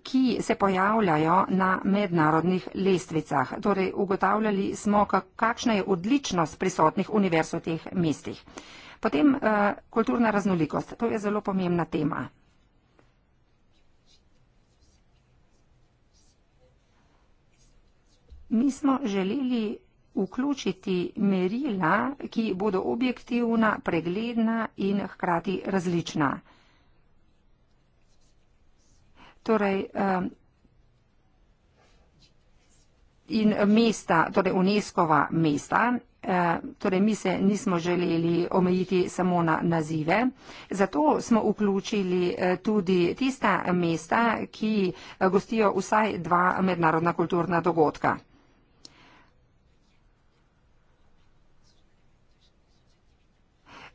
ki se pojavljajo na mednarodnih lestvicah. Torej, ugotavljali smo, kakšna je odličnost prisotnih univerz v teh mestih. Potem eh, kulturna raznolikost. To je zelo pomembna tema. Mi smo želeli vključiti merila, ki bodo objektivna, pregledna in hkrati različna torej, uh, in mesta, torej UNESCO-va mesta. Eh, torej, mi se nismo želeli omejiti samo na nazive, zato smo vključili eh, tudi tista mesta, ki gostijo vsaj dva mednarodna kulturna dogodka.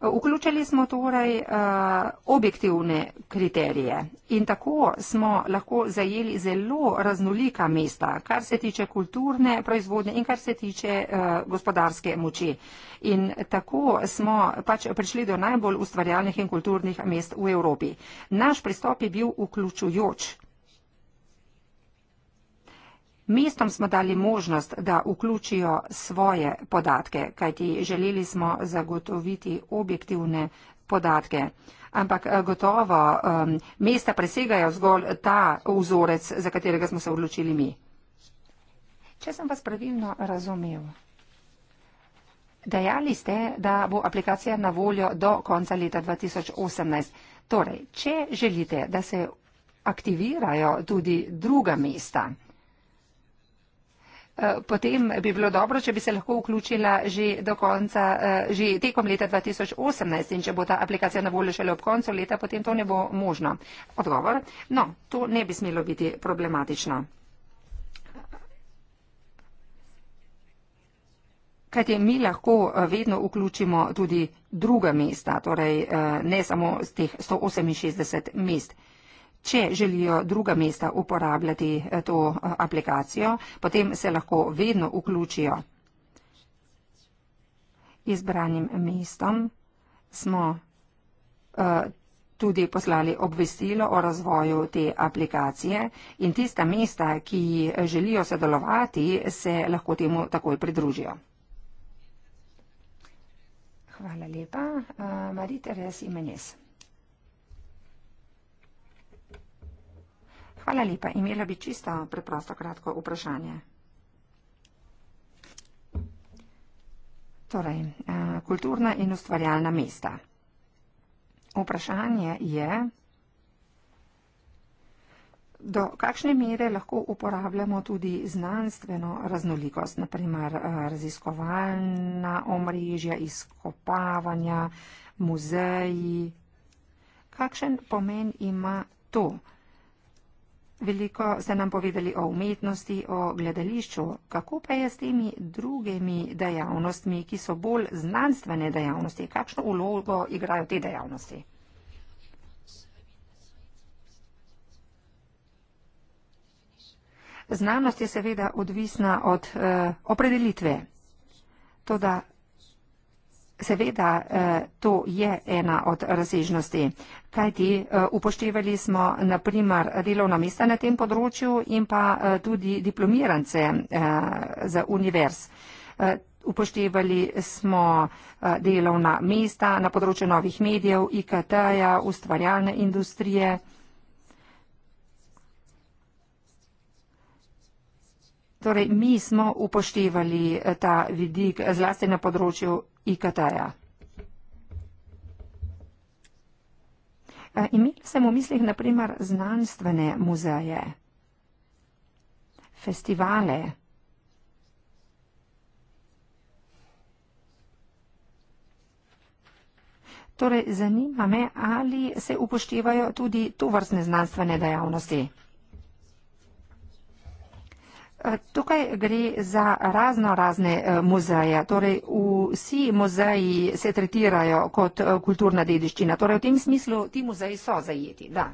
Vključili smo torej eh, objektivne kriterije in tako smo lahko zajeli zelo raznolika mesta, kar se tiče kulturne proizvodnje in kar se tiče eh, gospodarske moči. In tako smo pač prišli do najbolj ustvarjalnih in kulturnih mest v Evropi. Naš pristop je bil vključujoč. Mestom smo dali možnost, da vključijo svoje podatke, kajti želeli smo zagotoviti objektivne podatke. Ampak eh, gotovo um, mesta presegajo zgolj ta vzorec, za katerega smo se odločili mi. Če sem vas pravilno razumel, dejali ste, da bo aplikacija na voljo do konca leta 2018. Torej, če želite, da se aktivirajo tudi druga mesta, Eh, potem bi bilo dobro, če bi se lahko vključila že, konca, eh, že tekom leta 2018 in če bo ta aplikacija na voljo šele ob koncu leta, potem to ne bo možno. Odgovor? No, to ne bi smelo biti problematično. Kajti mi lahko eh, vedno vključimo tudi druga mesta, torej ne samo z teh 168 mest. Če želijo druga mesta uporabljati eh, to eh, aplikacijo, potem se lahko vedno vključijo. Izbranim mestom smo uh, tudi poslali obvestilo o razvoju te aplikacije in tista mesta, ki želijo sodelovati, se lahko temu takoj pridružijo. Hvala lepa. Uh, Marita Res Imenes. Hvala lepa. Imela bi čisto preprosto kratko vprašanje. Torej, eh, kulturna in ustvarjalna mesta. Vprašanje je, do kakšne mere lahko uporabljamo tudi znanstveno raznolikost, naprimer eh, raziskovalna omrežja, izkopavanja, muzeji. Kakšen pomen ima to? Veliko ste nam povedali o umetnosti, o gledališču. Kako pa je s temi drugimi dejavnostmi, ki so bolj znanstvene dejavnosti? Kakšno vlogo igrajo te dejavnosti? Znanost je seveda odvisna od uh, opredelitve. Toda Seveda, eh, to je ena od razsežnosti, kajti eh, upoštevali smo naprimer delovna mesta na tem področju in pa eh, tudi diplomirance za univerz. Upoštevali smo delovna mesta na področju novih medijev, IKT-ja, ustvarjalne industrije. Torej, mi smo upoštevali ta vidik zlasti na področju IKT-ja. E, Imeli sem v mislih naprimer znanstvene muzeje, festivale, Torej, zanima me, ali se upoštevajo tudi to vrstne znanstvene dejavnosti. Eh, tukaj gre za razno razne eh, muzeje. Torej, vsi muzeji se tretirajo kot eh, kulturna dediščina. Torej, v tem smislu ti muzeji so zajeti. Da.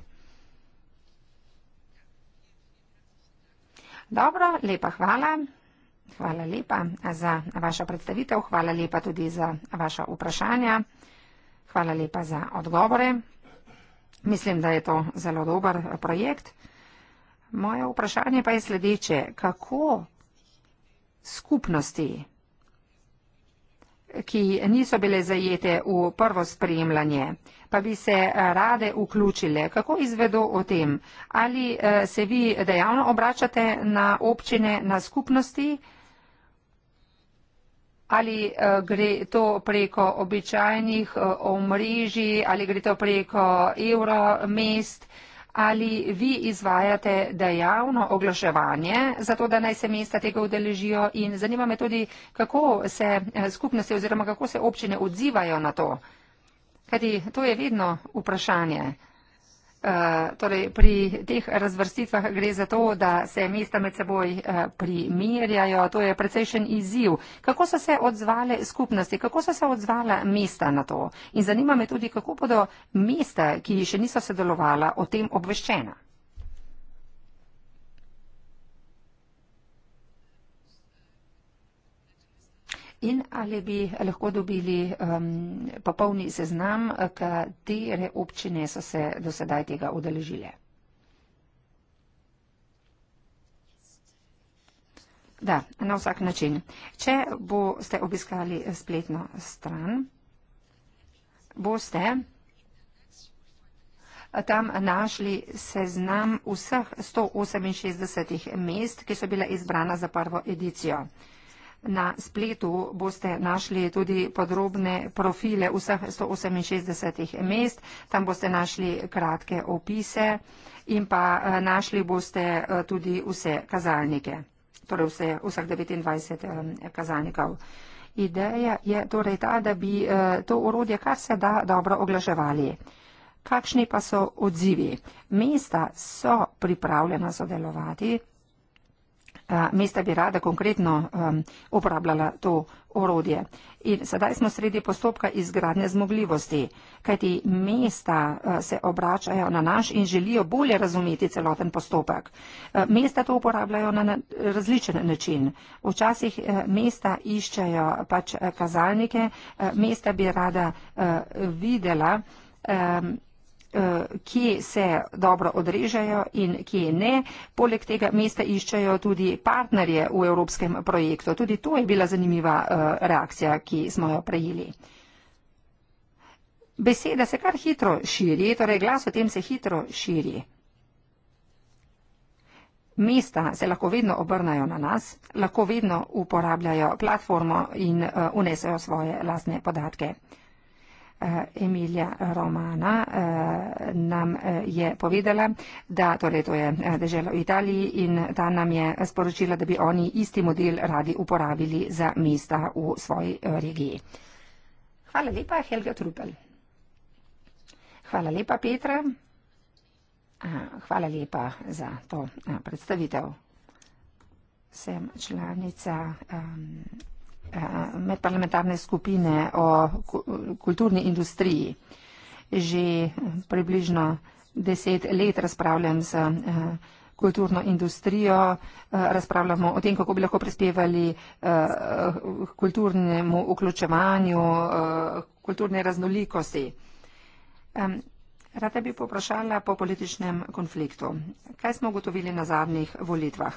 Dobro, lepa hvala. Hvala lepa za vašo predstavitev. Hvala lepa tudi za vaša vprašanja. Hvala lepa za odgovore. Mislim, da je to zelo dober projekt. Moje vprašanje pa je sledeče, kako skupnosti, ki niso bile zajete v prvo spremljanje, pa bi se rade vključile, kako izvedo o tem, ali eh, se vi dejavno obračate na občine, na skupnosti, ali eh, gre to preko običajnih eh, omrežij, ali gre to preko evromest, Ali vi izvajate dejavno oglaševanje, zato da naj se mesta tega udeležijo in zanima me tudi, kako se eh, skupnosti oziroma kako se občine odzivajo na to? Kajti to je vedno vprašanje. Eh, torej pri teh razvrstitvah gre za to, da se mesta med seboj eh, primerjajo. To je precejšen izziv. Kako so se odzvale skupnosti, kako so se odzvala mesta na to? In zanima me tudi, kako bodo mesta, ki še niso sodelovala, o tem obveščena. in ali bi lahko dobili um, popolni seznam, katere občine so se do sedaj tega odeležile. Da, na vsak način. Če boste obiskali spletno stran, boste tam našli seznam vseh 168 mest, ki so bila izbrana za prvo edicijo. Na spletu boste našli tudi podrobne profile vseh 168 mest, tam boste našli kratke opise in pa eh, našli boste eh, tudi vse kazalnike, torej vse, vseh 29 eh, kazalnikov. Ideja je torej ta, da bi to orodje kar se da dobro oglaševali. Kakšni pa so odzivi? Mesta so pripravljena sodelovati, mesta bi rada konkretno um, uporabljala to orodje. In sedaj smo sredi postopka izgradnje zmogljivosti, kajti mesta uh, se obračajo na naš in želijo bolje razumeti celoten postopek. Uh, mesta to uporabljajo na, na različen način. Včasih uh, mesta iščejo pač uh, kazalnike, uh, mesta bi rada uh, videla. Um, Eh, ki se dobro odrežejo in ki ne. Poleg tega mesta iščejo tudi partnerje v evropskem projektu. Tudi to je bila zanimiva eh, reakcija, ki smo jo prejeli. Beseda se kar hitro širi, torej glas o tem se hitro širi. Mesta se lahko vedno obrnajo na nas, lahko vedno uporabljajo platformo in uh, eh, unesejo svoje lastne podatke. Eh, Emilija Romana eh, nam eh, je povedala, da torej to je deželo v Italiji in ta nam je sporočila, da bi oni isti model radi uporabili za mesta v svoji regiji. Hvala lepa, Helga Trupel. Hvala lepa, Petra. Hvala lepa za to predstavitev. Sem članica. Um, Eh, medparlamentarne skupine o kulturni industriji. Že približno deset let razpravljam z eh, kulturno industrijo, eh, razpravljamo o tem, kako bi lahko prispevali k kulturnemu vključevanju, kulturne raznolikosti. Rada bi poprašala po političnem konfliktu. Kaj smo ugotovili na zadnjih volitvah?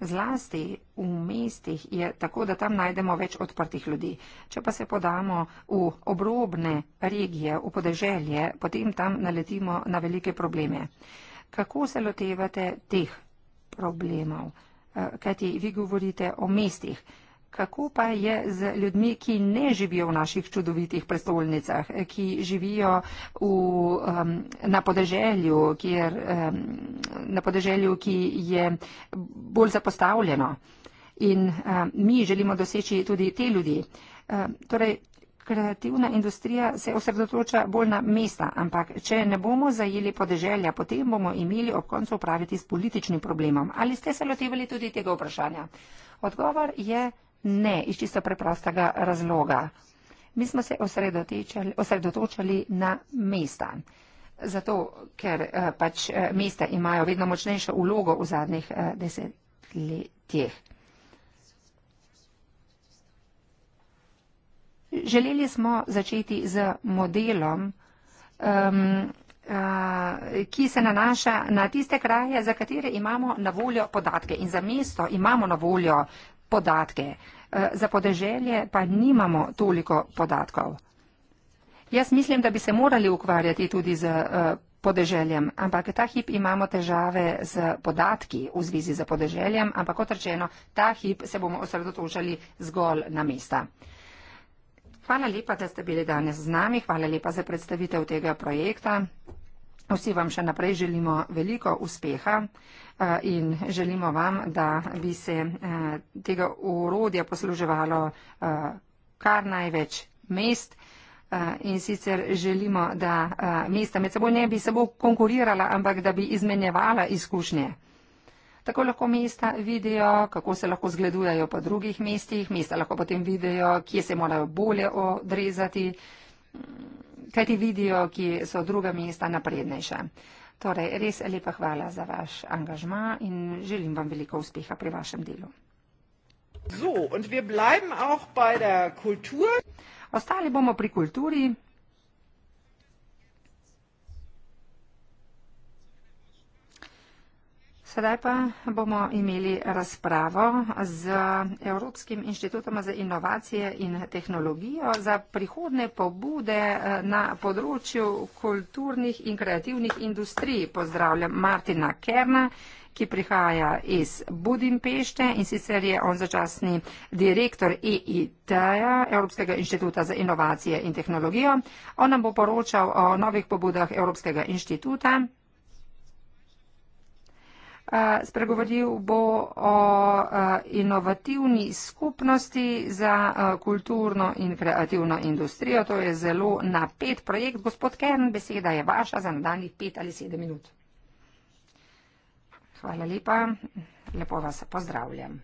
Zlasti v mestih je tako, da tam najdemo več odprtih ljudi. Če pa se podamo v obrobne regije, v podeželje, potem tam naletimo na velike probleme. Kako se lotevate teh problemov? Eh, Kaj ti vi govorite o mestih? kako pa je z ljudmi, ki ne živijo v naših čudovitih prestolnicah, ki živijo v, um, na, podeželju, kjer, um, na podeželju, ki je bolj zapostavljeno. In um, mi želimo doseči tudi te ljudi. Um, torej, kreativna industrija se osredotoča bolj na mesta, ampak če ne bomo zajeli podeželja, potem bomo imeli ob koncu upraviti s političnim problemom. Ali ste se lotevali tudi tega vprašanja? Odgovor je. Ne, iz čisto preprostega razloga. Mi smo se osredotočali na mesta. Zato, ker eh, pač eh, mesta imajo vedno močnejšo ulogo v zadnjih eh, desetletjih. Želeli smo začeti z modelom, um, uh, ki se nanaša na tiste kraje, za katere imamo na voljo podatke. In za mesto imamo na voljo podatke. Eh, za podeželje pa nimamo toliko podatkov. Jaz mislim, da bi se morali ukvarjati tudi z eh, podeželjem, ampak ta hip imamo težave z podatki v zvizi z podeželjem, ampak kot rečeno, ta hip se bomo osredotočali zgolj na mesta. Hvala lepa, da ste bili danes z nami, hvala lepa za predstavitev tega projekta. Vsi vam še naprej želimo veliko uspeha eh, in želimo vam, da bi se eh, tega urodja posluževalo eh, kar največ mest. In sicer želimo, da mesta med seboj ne bi samo konkurirala, ampak da bi izmenjevala izkušnje. Tako lahko mesta vidijo, kako se lahko zgledujajo po drugih mestih, mesta lahko potem vidijo, kje se morajo bolje odrezati kajti vidijo, ki so druga mesta naprednejša. Torej, res lepa hvala za vaš angažma in želim vam veliko uspeha pri vašem delu. So, Ostali bomo pri kulturi. Sedaj pa bomo imeli razpravo z Evropskim inštitutom za inovacije in tehnologijo za prihodne pobude eh, na področju kulturnih in kreativnih industrij. Pozdravljam Martina Kerna, ki prihaja iz Budimpešte in sicer je on začasni direktor EIT-ja, Evropskega inštituta za inovacije in tehnologijo. On nam bo poročal o novih pobudah Evropskega inštituta. Eh, spregovoril bo o eh, inovativni skupnosti za eh, kulturno in kreativno industrijo. To je zelo napet projekt. Gospod Kern, beseda je vaša za nadaljnjih pet ali sedem minut. Hvala lepa. Lepo vas pozdravljam.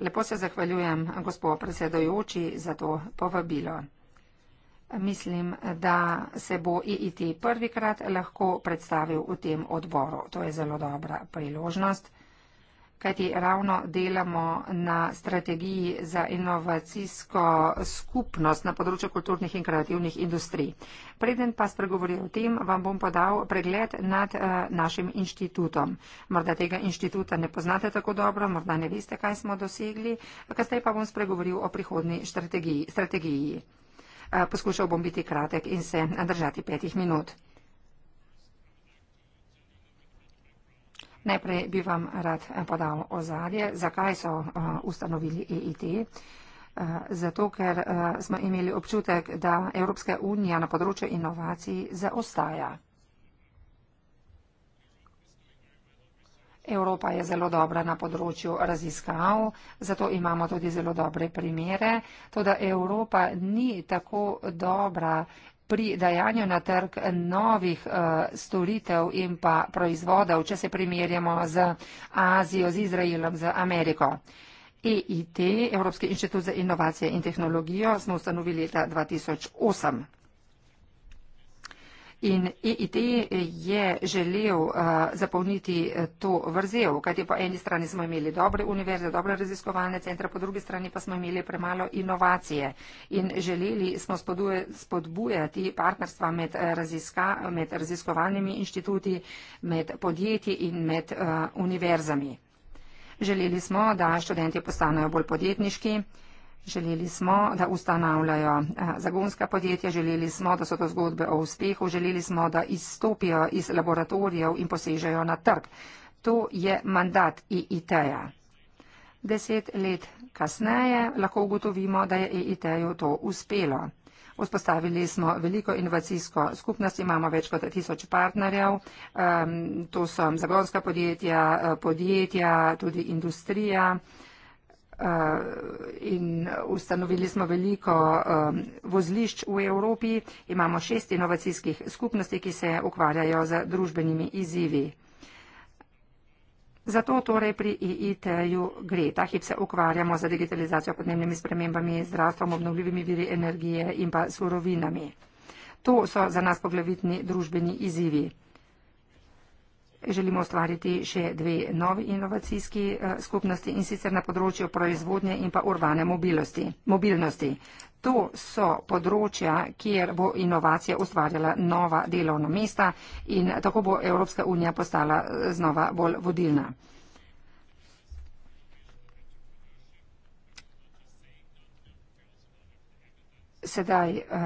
Lepo se zahvaljujem, gospod predsedojoči, za to povabilo mislim, da se bo e IIT prvikrat lahko predstavil v tem odboru. To je zelo dobra priložnost, kajti ravno delamo na strategiji za inovacijsko skupnost na področju kulturnih in kreativnih industrij. Preden pa spregovorim o tem, vam bom podal pregled nad uh, našim inštitutom. Morda tega inštituta ne poznate tako dobro, morda ne veste, kaj smo dosegli, kasneje pa bom spregovoril o prihodni strategiji. strategiji. Eh, poskušal bom biti kratek in se držati petih minut. Najprej bi vam rad eh, podal ozadje, zakaj so eh, ustanovili EIT. Zato, ker smo imeli občutek, da Evropska unija na področju inovacij zaostaja. Evropa je zelo dobra na področju raziskav, zato imamo tudi zelo dobre primere. Toda Evropa ni tako dobra pri dajanju na trg novih uh, storitev in pa proizvodov, če se primerjamo z Azijo, z Izraelom, z Ameriko. EIT, Evropski inštitut za inovacije in tehnologijo, smo ustanovili leta 2008. In EIT je želel eh, zapolniti eh, to vrzel, kajti po eni strani smo imeli dobre univerze, dobre raziskovalne centre, po drugi strani pa smo imeli premalo inovacije. In želeli smo spodbujati partnerstva med, eh, raziska, med raziskovalnimi inštituti, med podjetji in med univerzami. Želeli smo, da študenti postanejo bolj podjetniški. Želeli smo, da ustanavljajo eh, zagonska podjetja, želeli smo, da so to zgodbe o uspehu, želeli smo, da izstopijo iz laboratorijev in posežejo na trg. To je mandat EIT-ja. Deset let kasneje lahko ugotovimo, da je EIT-ju to uspelo. Vzpostavili smo veliko inovacijsko skupnost, imamo več kot tisoč partnerjev, ehm, to so zagonska podjetja, eh, podjetja, tudi industrija. Eh, in ustanovili smo veliko eh, vozlišč v Evropi. Imamo šest inovacijskih skupnosti, ki se ukvarjajo z družbenimi izzivi. Zato torej pri IIT-ju gre. Ta hip se ukvarjamo za digitalizacijo podnebnimi spremembami, zdravstvom, obnovljivimi viri energije in pa surovinami. To so za nas poglavitni družbeni izzivi želimo ustvariti še dve novi inovacijski eh, skupnosti in sicer na področju proizvodnje in pa urbane mobilnosti. mobilnosti. To so področja, kjer bo inovacija ustvarjala nova delovna mesta in tako bo Evropska unija postala eh, znova bolj vodilna. Sedaj eh,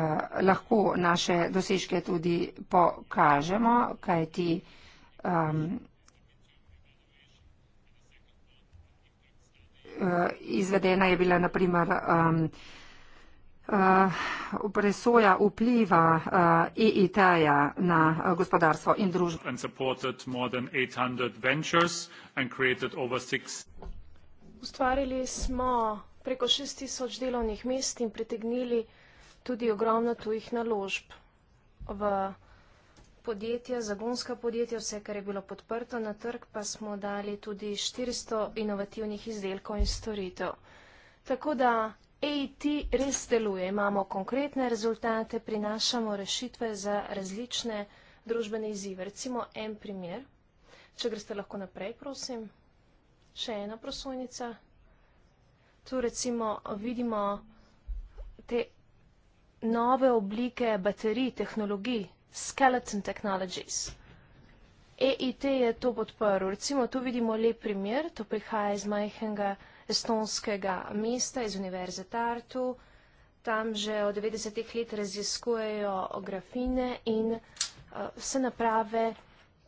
lahko naše dosežke tudi pokažemo, kajti eh, um, uh, izvedena je bila naprimer um, uh, presoja vpliva uh, EIT-ja na gospodarstvo in družbo. Ustvarili smo preko 6000 delovnih mest in pritegnili tudi ogromno tujih naložb v podjetja, zagonska podjetja, vse, kar je bilo podprto na trg, pa smo dali tudi 400 inovativnih izdelkov in storitev. Tako da AIT res deluje, imamo konkretne rezultate, prinašamo rešitve za različne družbene izzive. Recimo en primer, če greste lahko naprej, prosim, še ena prosojnica. Tu recimo vidimo te nove oblike baterij, tehnologij, skeleton technologies. EIT je to podporil. Recimo tu vidimo lep primer, to prihaja iz majhnega estonskega mesta, iz Univerze Tartu. Tam že od 90-ih let raziskujejo grafine in eh, vse naprave,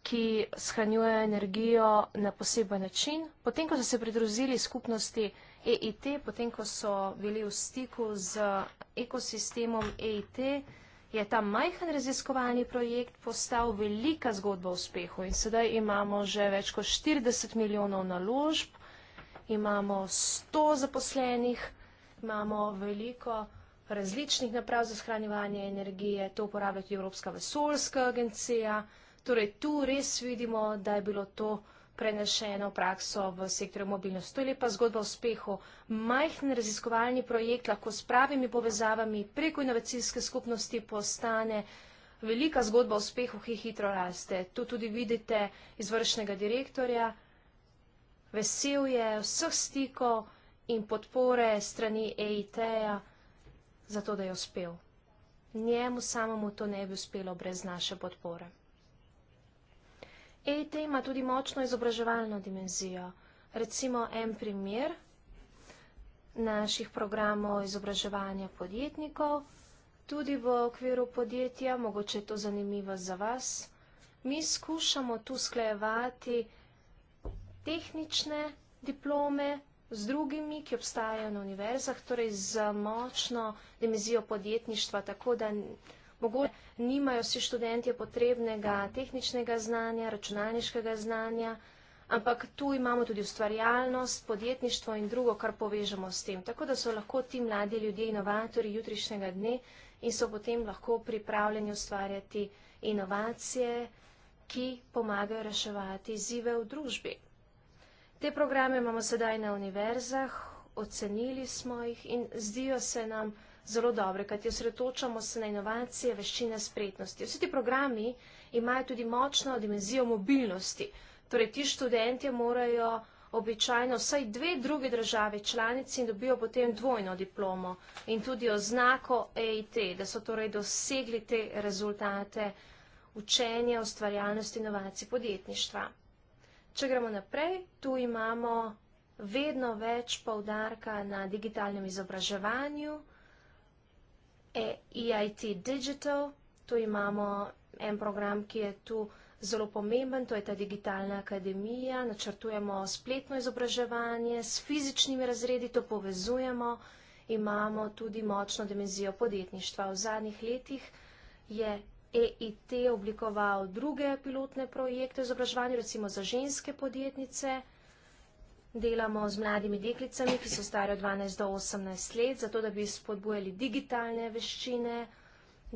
ki shranjujejo energijo na poseben način. Potem, ko so se pridružili skupnosti EIT, potem, ko so bili v stiku z ekosistemom EIT, je ta majhen raziskovalni projekt postal velika zgodba o uspehu in sedaj imamo že več kot 40 milijonov naložb, imamo 100 zaposlenih, imamo veliko različnih naprav za shranjevanje energije, to uporablja tudi Evropska vesoljska agencija, torej tu res vidimo, da je bilo to vsega prenešeno prakso v sektorju mobilnosti. To je lepa zgodba o uspehu. Majhen raziskovalni projekt lahko s pravimi povezavami preko inovacijske skupnosti postane velika zgodba o uspehu, ki hitro raste. Tu tudi vidite izvršnega direktorja. Vesel je vseh stikov in podpore strani EIT-ja za to, da je uspel. Njemu samemu to ne bi uspelo brez naše podpore. ET ima tudi močno izobraževalno dimenzijo. Recimo en primer naših programov izobraževanja podjetnikov, tudi v okviru podjetja, mogoče je to zanimivo za vas. Mi skušamo tu sklejevati tehnične diplome z drugimi, ki obstajajo na univerzah, torej z močno dimenzijo podjetništva, tako da mogoče nimajo vsi študentje potrebnega tehničnega znanja, računalniškega znanja, ampak tu imamo tudi ustvarjalnost, podjetništvo in drugo, kar povežemo s tem. Tako da so lahko ti mladi ljudje inovatori jutrišnjega dne in so potem lahko pripravljeni ustvarjati inovacije, ki pomagajo reševati izzive v družbi. Te programe imamo sedaj na univerzah, ocenili smo jih in zdijo se nam, da zelo dobre, kajti osredotočamo se na inovacije, veščine, spretnosti. Vsi ti programi imajo tudi močno dimenzijo mobilnosti. Torej, ti študentje morajo običajno vsaj dve druge države članici in dobijo potem dvojno diplomo in tudi oznako EIT, da so torej dosegli te rezultate učenja, ustvarjalnosti, inovacij, podjetništva. Če gremo naprej, tu imamo vedno več povdarka na digitalnem izobraževanju, EIT e Digital. Tu imamo en program, ki je tu zelo pomemben, to je ta digitalna akademija. Načrtujemo spletno izobraževanje s fizičnimi razredi, to povezujemo. Imamo tudi močno dimenzijo podjetništva. V zadnjih letih je EIT oblikoval druge pilotne projekte izobraževanja, recimo za ženske podjetnice. Delamo z mladimi deklicami, ki so stare od 12 do 18 let, zato da bi spodbujali digitalne veščine,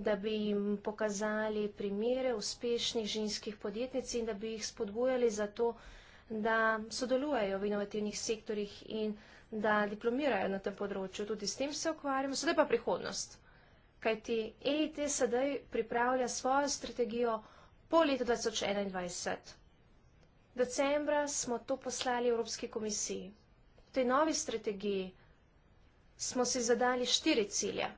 da bi jim pokazali primere uspešnih ženskih podjetnic in da bi jih spodbujali za to, da sodelujejo v inovativnih sektorjih in da diplomirajo na tem področju. Tudi s tem se ukvarjamo. Sedaj pa prihodnost. Kajti EIT sedaj pripravlja svojo strategijo po letu 2021. Decembra smo to poslali Evropski komisiji. V tej novi strategiji smo si zadali štiri cilje.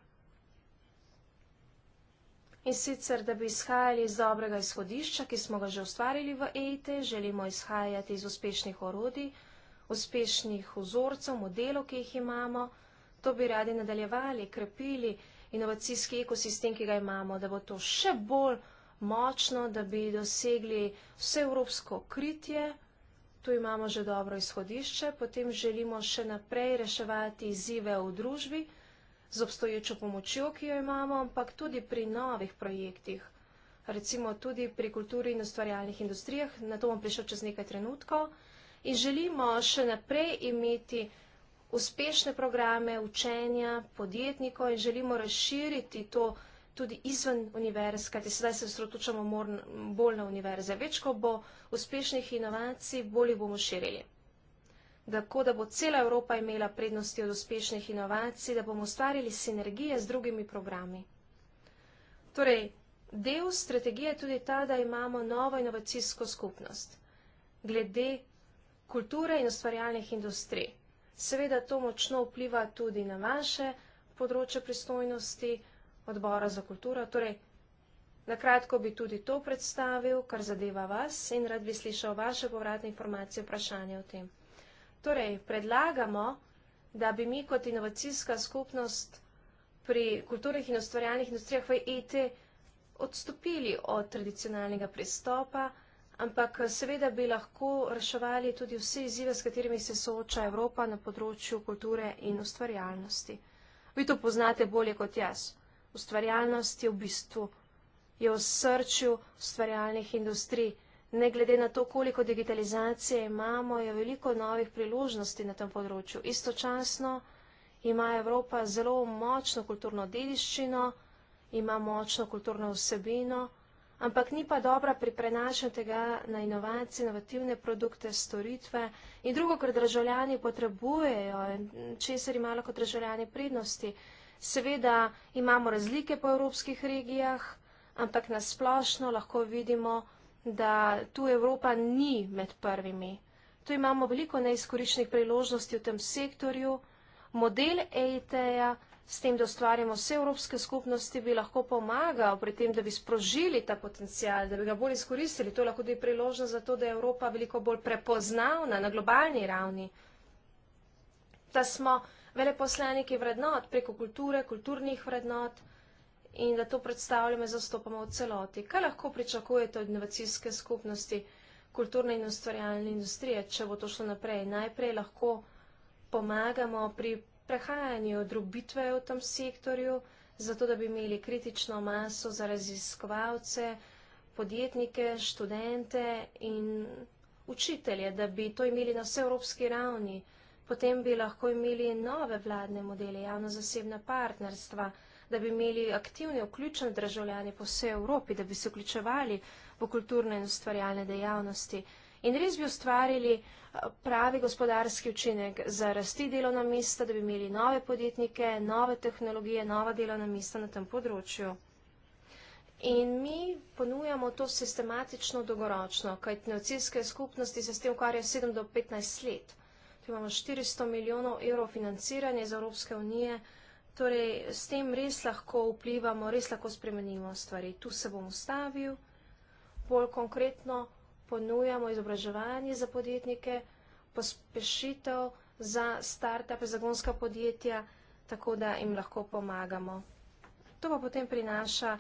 In sicer, da bi izhajali iz dobrega izhodišča, ki smo ga že ustvarili v EIT, želimo izhajati iz uspešnih orodij, uspešnih vzorcev, modelov, ki jih imamo. To bi radi nadaljevali, krepili inovacijski ekosistem, ki ga imamo, da bo to še bolj močno, da bi dosegli vse evropsko kritje. Tu imamo že dobro izhodišče, potem želimo še naprej reševati izzive v družbi z obstoječo pomočjo, ki jo imamo, ampak tudi pri novih projektih, recimo tudi pri kulturi in ustvarjalnih industrijah, na to bom prišel čez nekaj trenutkov, in želimo še naprej imeti uspešne programe učenja podjetnikov in želimo razširiti to, tudi izven univerz, kajti sedaj se sredotočamo bolj na univerze. Več, ko bo uspešnih inovacij, bolj jih bomo širili. Tako da bo cela Evropa imela prednosti od uspešnih inovacij, da bomo ustvarili sinergije z drugimi programi. Torej, del strategije je tudi ta, da imamo novo inovacijsko skupnost glede kulture in ustvarjalnih industrij. Seveda to močno vpliva tudi na vaše področje pristojnosti, odbora za kulturo. Torej, nakratko bi tudi to predstavil, kar zadeva vas in rad bi slišal vaše povratne informacije, vprašanje o tem. Torej, predlagamo, da bi mi kot inovacijska skupnost pri kulturnih in ustvarjalnih industrijah v IT e odstopili od tradicionalnega pristopa, ampak seveda bi lahko reševali tudi vse izzive, s katerimi se sooča Evropa na področju kulture in ustvarjalnosti. Vi to poznate bolje kot jaz ustvarjalnost je v bistvu, je v srču ustvarjalnih industrij. Ne glede na to, koliko digitalizacije imamo, je veliko novih priložnosti na tem področju. Istočasno ima Evropa zelo močno kulturno dediščino, ima močno kulturno vsebino, ampak ni pa dobra pri prenašanju tega na inovacije, inovativne produkte, storitve in drugo, kar državljani potrebujejo, česar imajo kot državljani prednosti. Seveda imamo razlike po evropskih regijah, ampak nasplošno lahko vidimo, da tu Evropa ni med prvimi. Tu imamo veliko neizkoriščenih priložnosti v tem sektorju. Model EIT-ja s tem, da ustvarjamo vse evropske skupnosti, bi lahko pomagal pri tem, da bi sprožili ta potencial, da bi ga bolj izkoristili. To lahko tudi priložnost za to, da je Evropa veliko bolj prepoznavna na globalni ravni. Da smo veleposlaniki vrednot, preko kulture, kulturnih vrednot in da to predstavljamo in zastopamo v celoti. Kaj lahko pričakujete od inovacijske skupnosti kulturne in ustvarjalne industrije, če bo to šlo naprej? Najprej lahko pomagamo pri prehajanju drobitve v tem sektorju, zato da bi imeli kritično maso za raziskovalce, podjetnike, študente in učitelje, da bi to imeli na vseevropski ravni potem bi lahko imeli nove vladne modele javno-zasebna partnerstva, da bi imeli aktivne vključene državljane po vsej Evropi, da bi se vključevali v kulturne in ustvarjalne dejavnosti. In res bi ustvarili eh, pravi gospodarski učinek za rasti delovna mesta, da bi imeli nove podjetnike, nove tehnologije, nova delovna mesta na tem področju. In mi ponujamo to sistematično dogoročno, kajti neocijske skupnosti se s tem ukvarjajo 7 do 15 let ki imamo 400 milijonov evrov financiranja iz Evropske unije, torej s tem res lahko vplivamo, res lahko spremenimo stvari. Tu se bom ustavil, bolj konkretno ponujamo izobraževanje za podjetnike, pospešitev za start-upe, zagonska podjetja, tako da jim lahko pomagamo. To pa potem prinaša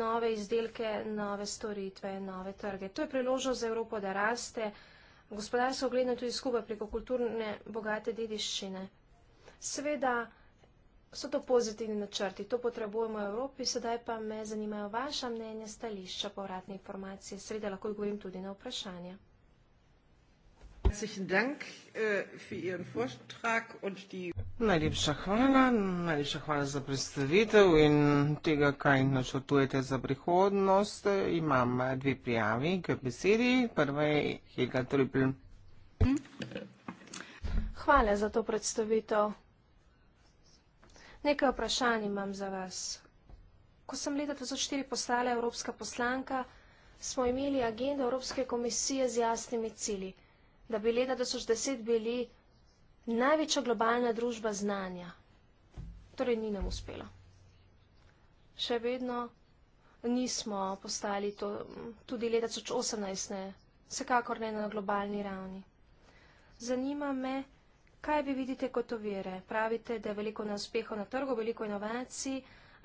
nove izdelke, nove storitve, nove trge. To je priložnost za Evropo, da raste gospodarstvo gledano tudi skupaj preko kulturne bogate dediščine. Seveda so to pozitivni načrti, to potrebujemo v Evropi, sedaj pa me zanimajo vaša mnenja, stališča, povratne informacije. Sreda lahko odgovorim tudi na vprašanje. Herzlichen Dank äh, für Ihren Vortrag und die. Najlepša hvala, najlepša hvala za predstavitev in tega, kaj načrtujete za prihodnost. Imam eh, dve prijavi k besedi. Prva je Helga Trupl. Hvala za to predstavitev. Nekaj vprašanj imam za vas. Ko sem leta 2004 postala evropska poslanka, smo imeli agendo Evropske komisije z jasnimi cilji da bi leta 2010 bili največja globalna družba znanja. Torej ni nam uspelo. Še vedno nismo postali to, tudi leta 2018, ne, vsekakor ne na globalni ravni. Zanima me, kaj vi vidite kot ovire. Pravite, da je veliko neuspehov na trgu, veliko inovacij,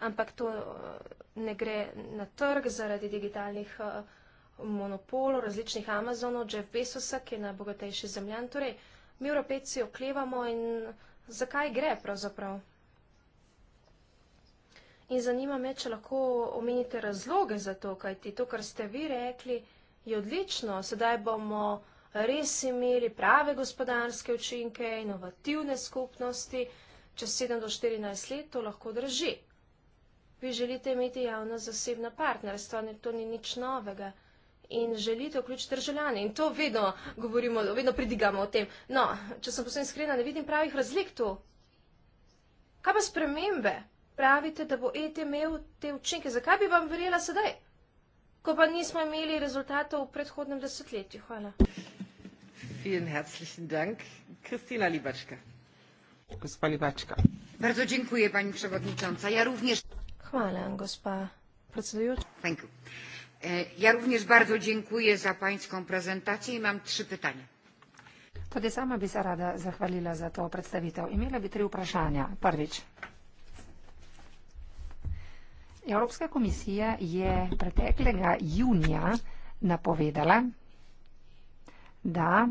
ampak to eh, ne gre na trg zaradi digitalnih. Uh, monopol različnih Amazonov, Jeff Bezosa, ki je najbogatejši zemljan. Torej, mi Evropejci oklevamo in zakaj gre pravzaprav? In zanima me, če lahko omenite razloge za to, kaj ti to, kar ste vi rekli, je odlično. Sedaj bomo res imeli prave gospodarske učinke, inovativne skupnosti. Čez 7 do 14 let to lahko drži. Vi želite imeti javno zasebno partnerstvo, to ni nič novega in želite vključiti državljane. In to vedno govorimo, vedno pridigamo o tem. No, če sem posebej iskrena, ne vidim pravih razlik tu. Kaj pa spremembe? Pravite, da bo ET imel te učinke. Zakaj bi vam verjela sedaj? Ko pa nismo imeli rezultatov v predhodnem desetletju. Hvala. Vielen herzlichen Dank, Kristina Libačka. Gospa Libačka. Bardzo dziękuję, pani przewodnicząca. Ja również. Hvala, gospa predsedujoča. Thank you. E, ja również bardzo dziękuję za pańską prezentację i mam trzy pytania. Tady sama by se rada zahvalila za to predstavitev. Imela bi tri vprašanja. Prvič. Evropska komisija je preteklega junija napovedala, da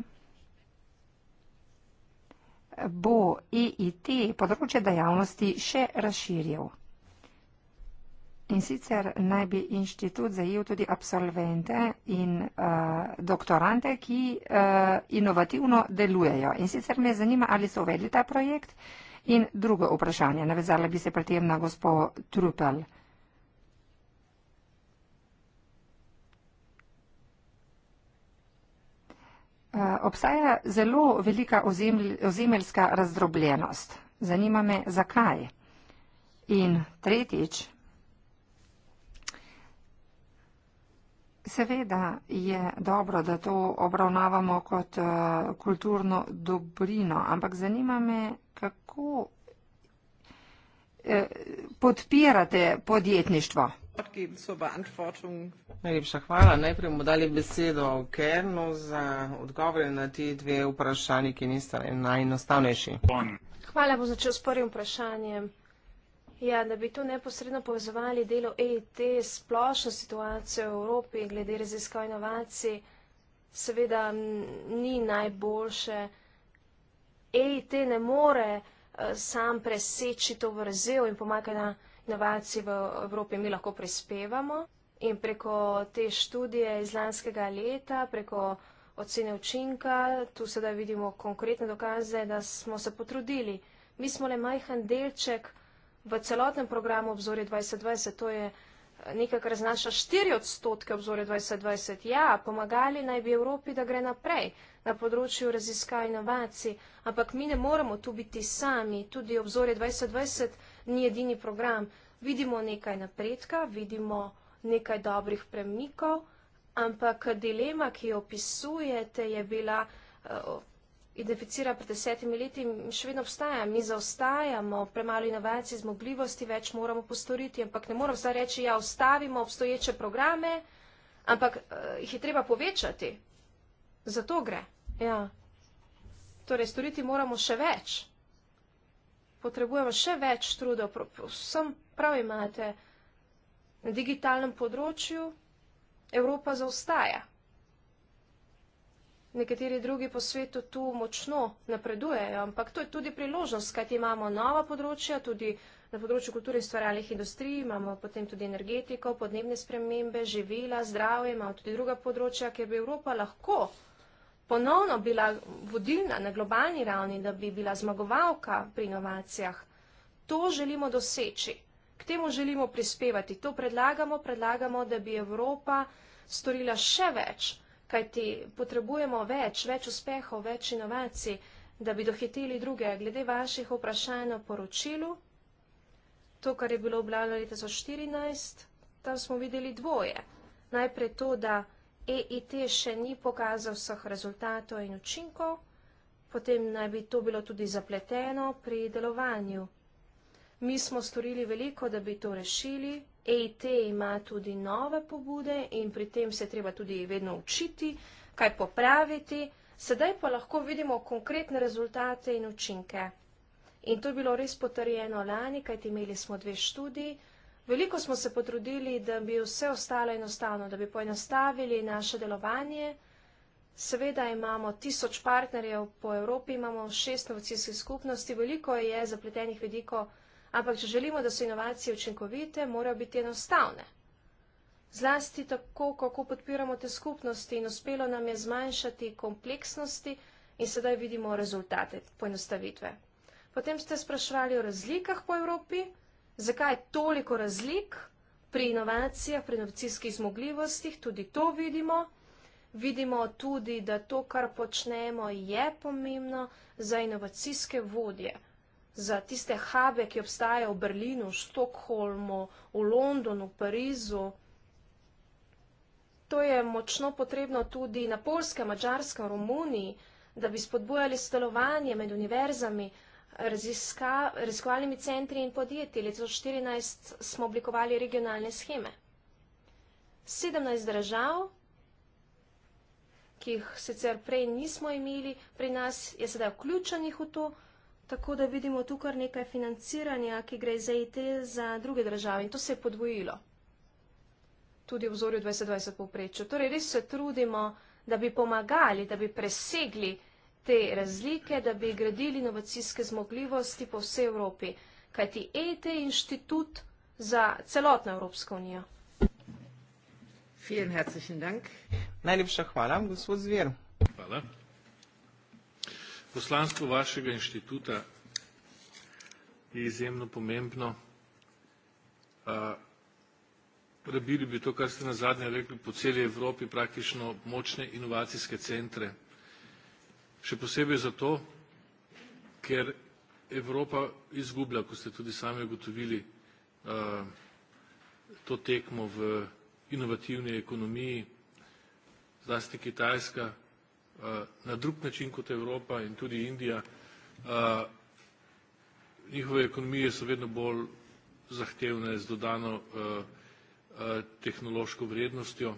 bo EIT področje dejavnosti še razširil. In sicer naj bi inštitut zajel tudi absolvente in uh, doktorante, ki uh, inovativno delujejo. In sicer me zanima, ali so uvedli ta projekt. In drugo vprašanje, navezala bi se pri tem na gospod Trupel. Eh, obstaja zelo velika ozemeljska razdrobljenost. Zanima me, zakaj. In tretjič, Seveda je dobro, da to obravnavamo kot uh, kulturno dobrino, ampak zanima me, kako eh, podpirate podjetništvo. Najlepša hvala. Najprej bomo dali besedo Kernu za odgovore na ti dve vprašanji, ki nista najenostavnejši. Hvala, bo začel s prvim vprašanjem. Ja, da bi tu neposredno povezovali delo EIT s splošno situacijo v Evropi glede raziskav in inovacij, seveda ni najboljše. EIT ne more eh, sam preseči to vrzel in pomagati na inovacij v Evropi. Mi lahko prispevamo in preko te študije iz lanskega leta, preko ocene učinka, tu sedaj vidimo konkretne dokaze, da smo se potrudili. Mi smo le majhen delček, v celotnem programu obzorje 2020, to je eh, nekaj, kar znaša 4 odstotke obzorja 2020. Ja, pomagali naj bi Evropi, da gre naprej na področju raziskav in inovacij, ampak mi ne moremo tu biti sami. Tudi obzorje 2020 ni edini program. Vidimo nekaj napredka, vidimo nekaj dobrih premikov, ampak dilema, ki jo opisujete, je bila. Uh, identificira pred desetimi leti in še vedno obstaja. Mi zaostajamo, premalo inovacij, zmogljivosti, več moramo postoriti, ampak ne moram zdaj reči, ja, ustavimo obstoječe programe, ampak uh, jih je treba povečati. Za to gre. Ja. Torej, storiti moramo še več. Potrebujemo še več trudov. Vsem prav imate, na digitalnem področju Evropa zaostaja nekateri drugi po svetu tu močno napredujejo, ampak to je tudi priložnost, kajti imamo nova področja, tudi na področju kulture in stvarjalnih industrij, imamo potem tudi energetiko, podnebne spremembe, živila, zdravje, imamo tudi druga področja, kjer bi Evropa lahko ponovno bila vodilna na globalni ravni, da bi bila zmagovalka pri inovacijah. To želimo doseči. K temu želimo prispevati. To predlagamo, predlagamo, da bi Evropa storila še več kajti potrebujemo več, več uspehov, več inovacij, da bi dohiteli druge. Glede vaših vprašanj o poročilu, to, kar je bilo objavljeno leta 2014, tam smo videli dvoje. Najprej to, da EIT še ni pokazal vseh rezultatov in učinkov, potem naj bi to bilo tudi zapleteno pri delovanju. Mi smo storili veliko, da bi to rešili, EIT ima tudi nove pobude in pri tem se treba tudi vedno učiti, kaj popraviti. Sedaj pa lahko vidimo konkretne rezultate in učinke. In to je bilo res potrjeno lani, kajti imeli smo dve študiji. Veliko smo se potrudili, da bi vse ostalo enostavno, da bi poenostavili naše delovanje. Seveda imamo tisoč partnerjev po Evropi, imamo šest novacijskih skupnosti, veliko je zapletenih vedikov. Ampak, če želimo, da so inovacije učinkovite, morajo biti enostavne. Zlasti tako, kako podpiramo te skupnosti in uspelo nam je zmanjšati kompleksnosti in sedaj vidimo rezultate poenostavitve. Potem ste spraševali o razlikah po Evropi, zakaj je toliko razlik pri inovacijah, pri inovacijskih zmogljivostih, tudi to vidimo. Vidimo tudi, da to, kar počnemo, je pomembno za inovacijske vodje za tiste hube, ki obstajajo v Berlinu, v Štokholmu, v Londonu, v Parizu. To je močno potrebno tudi na polskem, mačarskem, romuniji, da bi spodbujali stelovanje med univerzami, raziskovalnimi centri in podjetji. Leto 2014 smo oblikovali regionalne scheme. 17 držav, ki jih sicer prej nismo imeli pri nas, je sedaj vključenih v to, tako da vidimo tu kar nekaj financiranja, ki gre za e IT za druge države in to se je podvojilo tudi v obzorju 2020 povprečju. Torej res se trudimo, da bi pomagali, da bi presegli te razlike, da bi gradili inovacijske zmogljivosti po vsej Evropi, kajti EIT je inštitut za celotno Evropsko unijo. Najlepša hvala, gospod Zver. Hvala. Poslanstvo vašega inštituta je izjemno pomembno. Prebili bi to, kar ste nazadnje rekli, po celi Evropi praktično močne inovacijske centre. Še posebej zato, ker Evropa izgublja, kot ste tudi sami ugotovili, to tekmo v inovativni ekonomiji, zlasti Kitajska, Eh, na drug način kot Evropa in tudi Indija. Eh, njihove ekonomije so vedno bolj zahtevne z dodano eh, tehnološko vrednostjo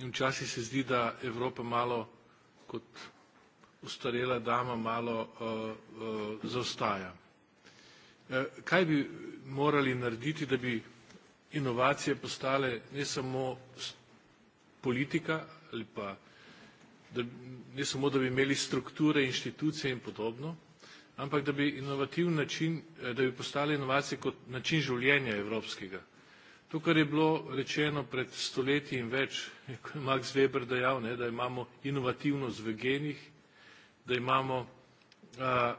in včasih se zdi, da Evropa malo kot ustarela dama malo zaostaja. Kaj bi morali narediti, da bi inovacije postale ne samo politika ali pa da ne samo, da bi imeli strukture, inštitucije in podobno, ampak da bi inovativni način, eh, da bi postale inovacije kot način življenja evropskega. To, kar je bilo rečeno pred stoletji in več, kot je Max Weber dejal, ne, da imamo inovativnost v genih, da imamo a, eh,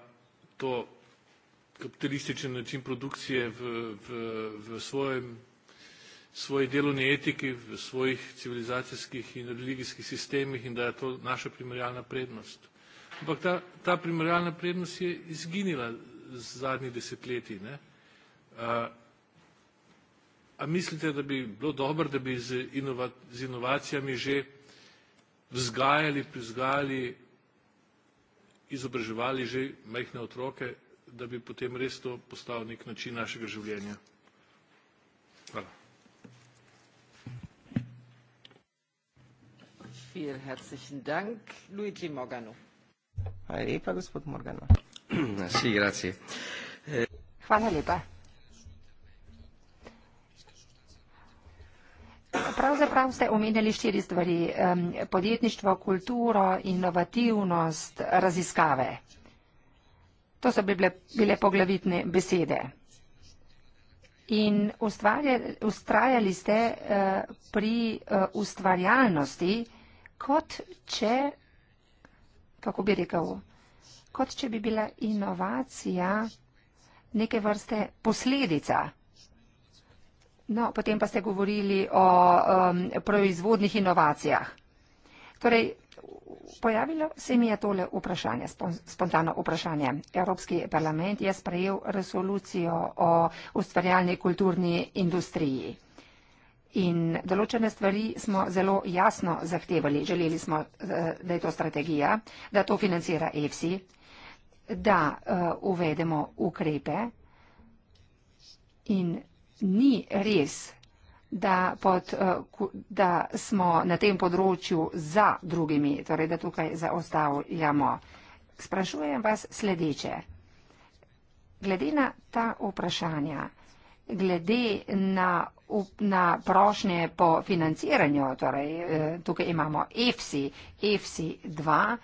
to kapitalističen način produkcije v, v, v svojem svoji delovni etiki, v svojih civilizacijskih in religijskih sistemih in da je to naša primerjalna prednost. Ampak ta, ta primerjalna prednost je izginila z zadnjih desetletij. Ne? A, a mislite, da bi bilo dobro, da bi z, inova, z inovacijami že vzgajali, prizgajali, izobraževali že majhne otroke, da bi potem res to postal nek način našega življenja? Hvala. Viel herzlichen Dank. Luigi Morgano. Hvala lepa, gospod Morgano. Hvala lepa. Pravzaprav ste omenjali štiri stvari. Podjetništvo, kulturo, inovativnost, raziskave. To so bile, bile poglavitne besede. In ustvarjali ste eh, pri eh, ustvarjalnosti, kot če, kako bi rekel, kot če bi bila inovacija neke vrste posledica. No, potem pa ste govorili o um, proizvodnih inovacijah. Torej, pojavilo se mi je tole vprašanje, spontano vprašanje. Evropski parlament je sprejel resolucijo o ustvarjalni kulturni industriji. In določene stvari smo zelo jasno zahtevali. Želeli smo, eh, da je to strategija, da to financira EFSI, da eh, uvedemo ukrepe. In ni res, da, pod, eh, da smo na tem področju za drugimi, torej da tukaj zaostavljamo. Sprašujem vas sledeče. Glede na ta vprašanja, glede na na prošnje po financiranju, torej eh, tukaj imamo EFSI, EFSI 2,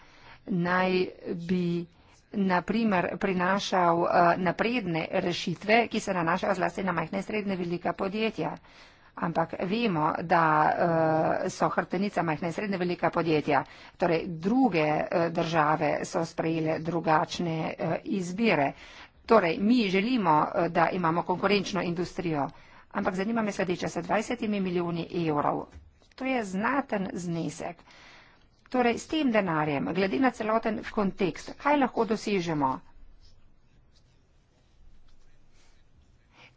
naj bi naprimer prinašal eh, napredne rešitve, ki se nanašajo zlasti na majhne srednje velika podjetja. Ampak vemo, da eh, so hrtenica majhne srednje velika podjetja, torej druge države so sprejele drugačne izbire. Torej, mi želimo, da imamo konkurenčno industrijo ampak zanima me sledeče, sa 20 milijoni evrov. To je znaten znesek. Torej, s tem denarjem, glede na celoten kontekst, kaj lahko dosežemo?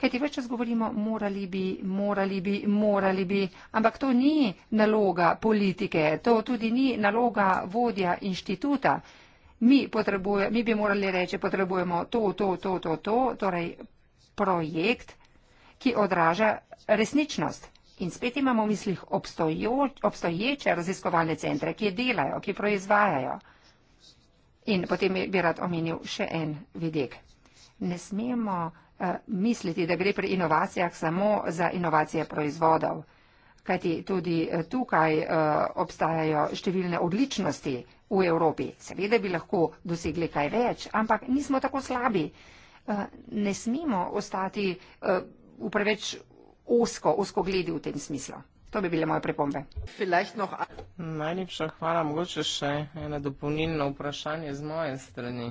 Kajti več čas govorimo, morali bi, morali bi, morali bi, ampak to ni naloga politike, to tudi ni naloga vodja inštituta. Mi, mi bi morali reči, potrebujemo to, to, to, to, to, torej projekt, ki odraža resničnost. In spet imamo v mislih obstoječe raziskovalne centre, ki delajo, ki proizvajajo. In potem bi rad omenil še en vidik. Ne smemo uh, misliti, da gre pri inovacijah samo za inovacije proizvodov, kajti tudi eh, tukaj uh, obstajajo številne odličnosti v Evropi. Seveda bi lahko dosegli kaj več, ampak nismo tako slabi. Uh, ne smemo ostati. Uh, v preveč osko, osko gledi v tem smislu. To bi bile moje pripombe. Najlepša hvala, mogoče še ena dopolnilna vprašanje z moje strani.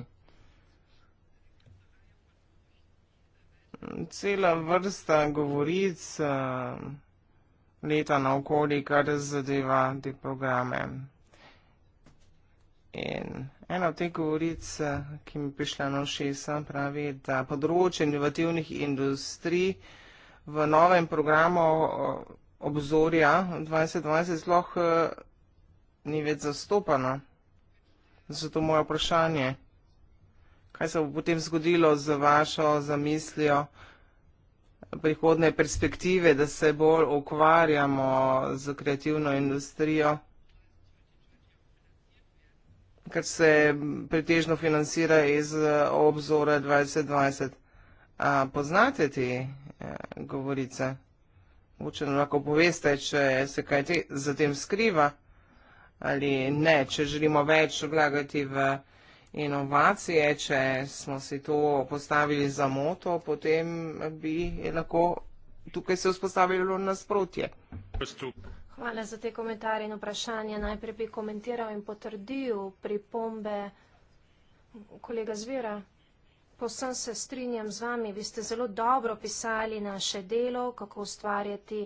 Cela vrsta govoric eh, leta na okoli, kar zadeva te programe. In ena od teh govoric, eh, ki mi je prišla na ušesa, pravi, da področje inovativnih industrij v novem programu eh, obzorja 2020 sploh eh, ni več zastopano. Zato moje vprašanje, kaj se bo potem zgodilo z vašo zamislijo prihodne perspektive, da se bolj ukvarjamo z kreativno industrijo? kar se pretežno financira iz eh, obzora 2020. A poznate te eh, govorice? Vče nam lahko poveste, če se kaj te, za tem skriva ali ne, če želimo več vlagati v inovacije, če smo si to postavili za moto, potem bi lahko tukaj se vzpostavilo nasprotje. Hvala za te komentarje in vprašanje. Najprej bi komentiral in potrdil pripombe kolega Zvira. Posem se strinjam z vami, vi ste zelo dobro pisali naše delo, kako ustvarjati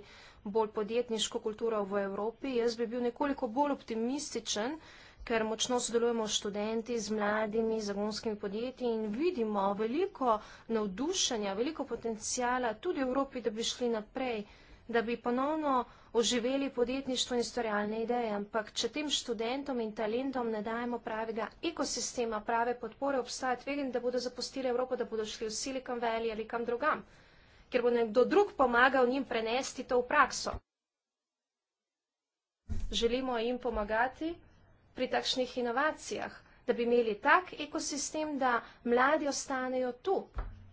bolj podjetniško kulturo v Evropi. Jaz bi bil nekoliko bolj optimističen, ker močno sodelujemo s študenti, z mladimi, zagonskimi podjetji in vidimo veliko navdušenja, veliko potencijala tudi v Evropi, da bi šli naprej, da bi ponovno oživeli podjetništvo in storjalne ideje, ampak če tem študentom in talentom ne dajemo pravega ekosistema, prave podpore, obstaja tvegan, da bodo zapustili Evropo, da bodo šli v Silicon Valley ali kam drugam, ker bo nekdo drug pomagal njim prenesti to v prakso. Želimo jim pomagati pri takšnih inovacijah, da bi imeli tak ekosistem, da mladi ostanejo tu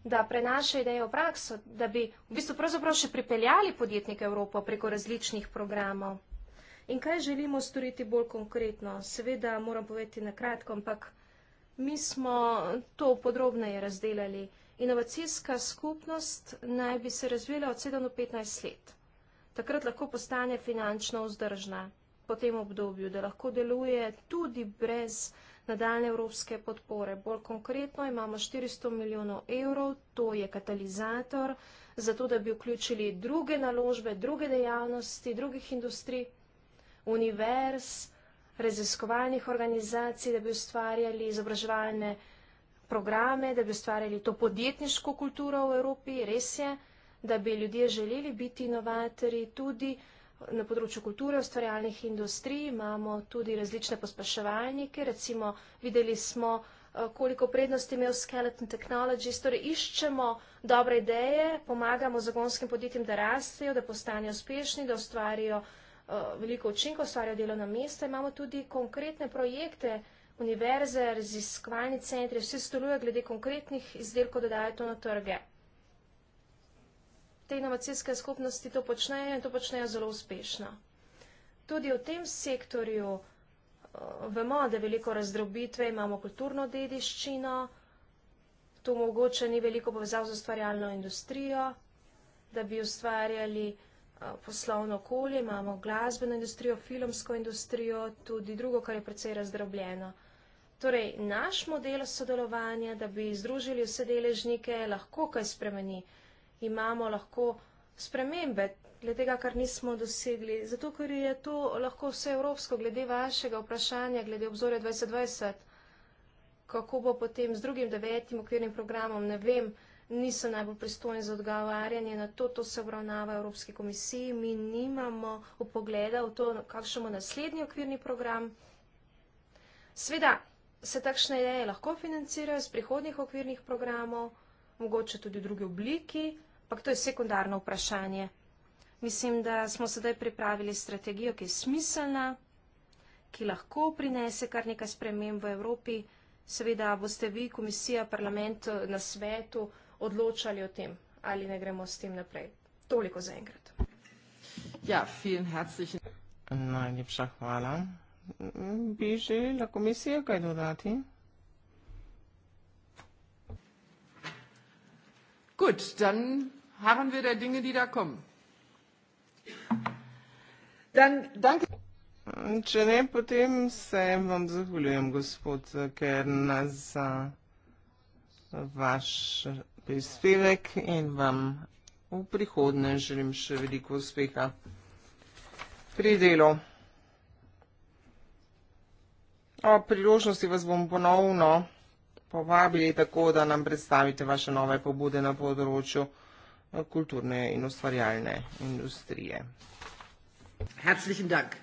da prenaša idejo v prakso, da bi v bistvu pravzaprav še pripeljali podjetnike v Evropo preko različnih programov. In kaj želimo storiti bolj konkretno? Seveda moram povedati na kratko, ampak mi smo to podrobneje razdelali. Inovacijska skupnost naj bi se razvila od 7 do 15 let. Takrat lahko postane finančno vzdržna po tem obdobju, da lahko deluje tudi brez nadaljne evropske podpore. Bolj konkretno imamo 400 milijonov evrov, to je katalizator, zato da bi vključili druge naložbe, druge dejavnosti, drugih industrij, univerz, raziskovalnih organizacij, da bi ustvarjali izobraževalne programe, da bi ustvarjali to podjetniško kulturo v Evropi, res je, da bi ljudje želeli biti inovatori tudi na področju kulture, ustvarjalnih industrij, imamo tudi različne pospraševalnike, recimo videli smo, eh, koliko prednosti imel Skeleton Technologies, torej iščemo dobre ideje, pomagamo zagonskim podjetjem, da rastejo, da postanejo uspešni, da ustvarijo eh, veliko učinkov, ustvarijo delovna mesta. Imamo tudi konkretne projekte, univerze, raziskovalni centri, vsi stolujo glede konkretnih izdelkov, da dajo to na trge te inovacijske skupnosti to počnejo in to počnejo zelo uspešno. Tudi v tem sektorju uh, vemo, da je veliko razdrobitve, imamo kulturno dediščino, to mogoče ni veliko povezav z ustvarjalno industrijo, da bi ustvarjali uh, poslovno okolje, imamo glasbeno industrijo, filmsko industrijo, tudi drugo, kar je precej razdrobljeno. Torej, naš model sodelovanja, da bi združili vse deležnike, lahko kaj spremeni imamo lahko spremembe, glede tega, kar nismo dosegli. Zato, ker je to lahko vse evropsko, glede vašega vprašanja, glede obzorja 2020, kako bo potem z drugim devetim okvirnim programom, ne vem, nisem najbolj pristojen za odgovarjanje na to, to se obravnava Evropski komisiji, mi nimamo upogleda v to, kakšen bo naslednji okvirni program. Sveda se takšne ideje lahko financirajo iz prihodnih okvirnih programov, mogoče tudi v drugi obliki, ampak to je sekundarno vprašanje. Mislim, da smo sedaj pripravili strategijo, ki je smiselna, ki lahko prinese kar nekaj sprememb v Evropi. Seveda boste vi, komisija, parlament na svetu odločali o tem, ali ne gremo s tem naprej. Toliko za enkrat. Ja, vielen herzlichen. Najlepša hvala. Bi želela komisija kaj dodati? Gut, dann harren wir der Dinge, die da kommen. Dann danke. Če ne, potem se vam zahvaljujem, gospod Kern, za vaš prispevek in vam v prihodnje želim še veliko uspeha pri delu. O priložnosti vas bom ponovno povabili tako, da nam predstavite vaše nove pobude na področju kulturne in ustvarjalne industrije. Herzlichen Dank.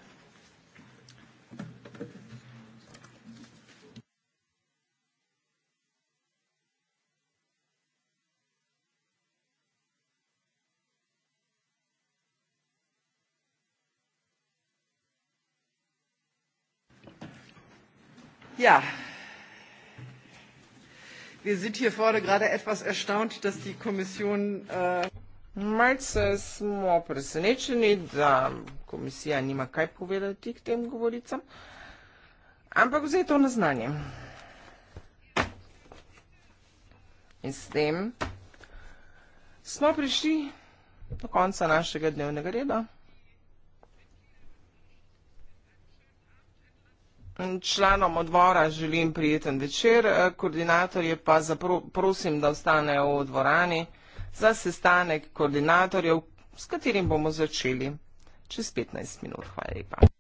Ja. Wir sind hier vorne gerade etwas erstaunt, dass die Kommission. Äh, Malce smo presenečeni, da komisija nima kaj povedati k tem govoricam, ampak vzeti to na znanje. In s tem smo prišli do konca našega dnevnega reda. Članom odbora želim prijeten večer, eh, koordinatorje pa zaprosim, da ostanejo v dvorani za sestanek koordinatorjev, s katerim bomo začeli čez 15 minut. Hvala lepa.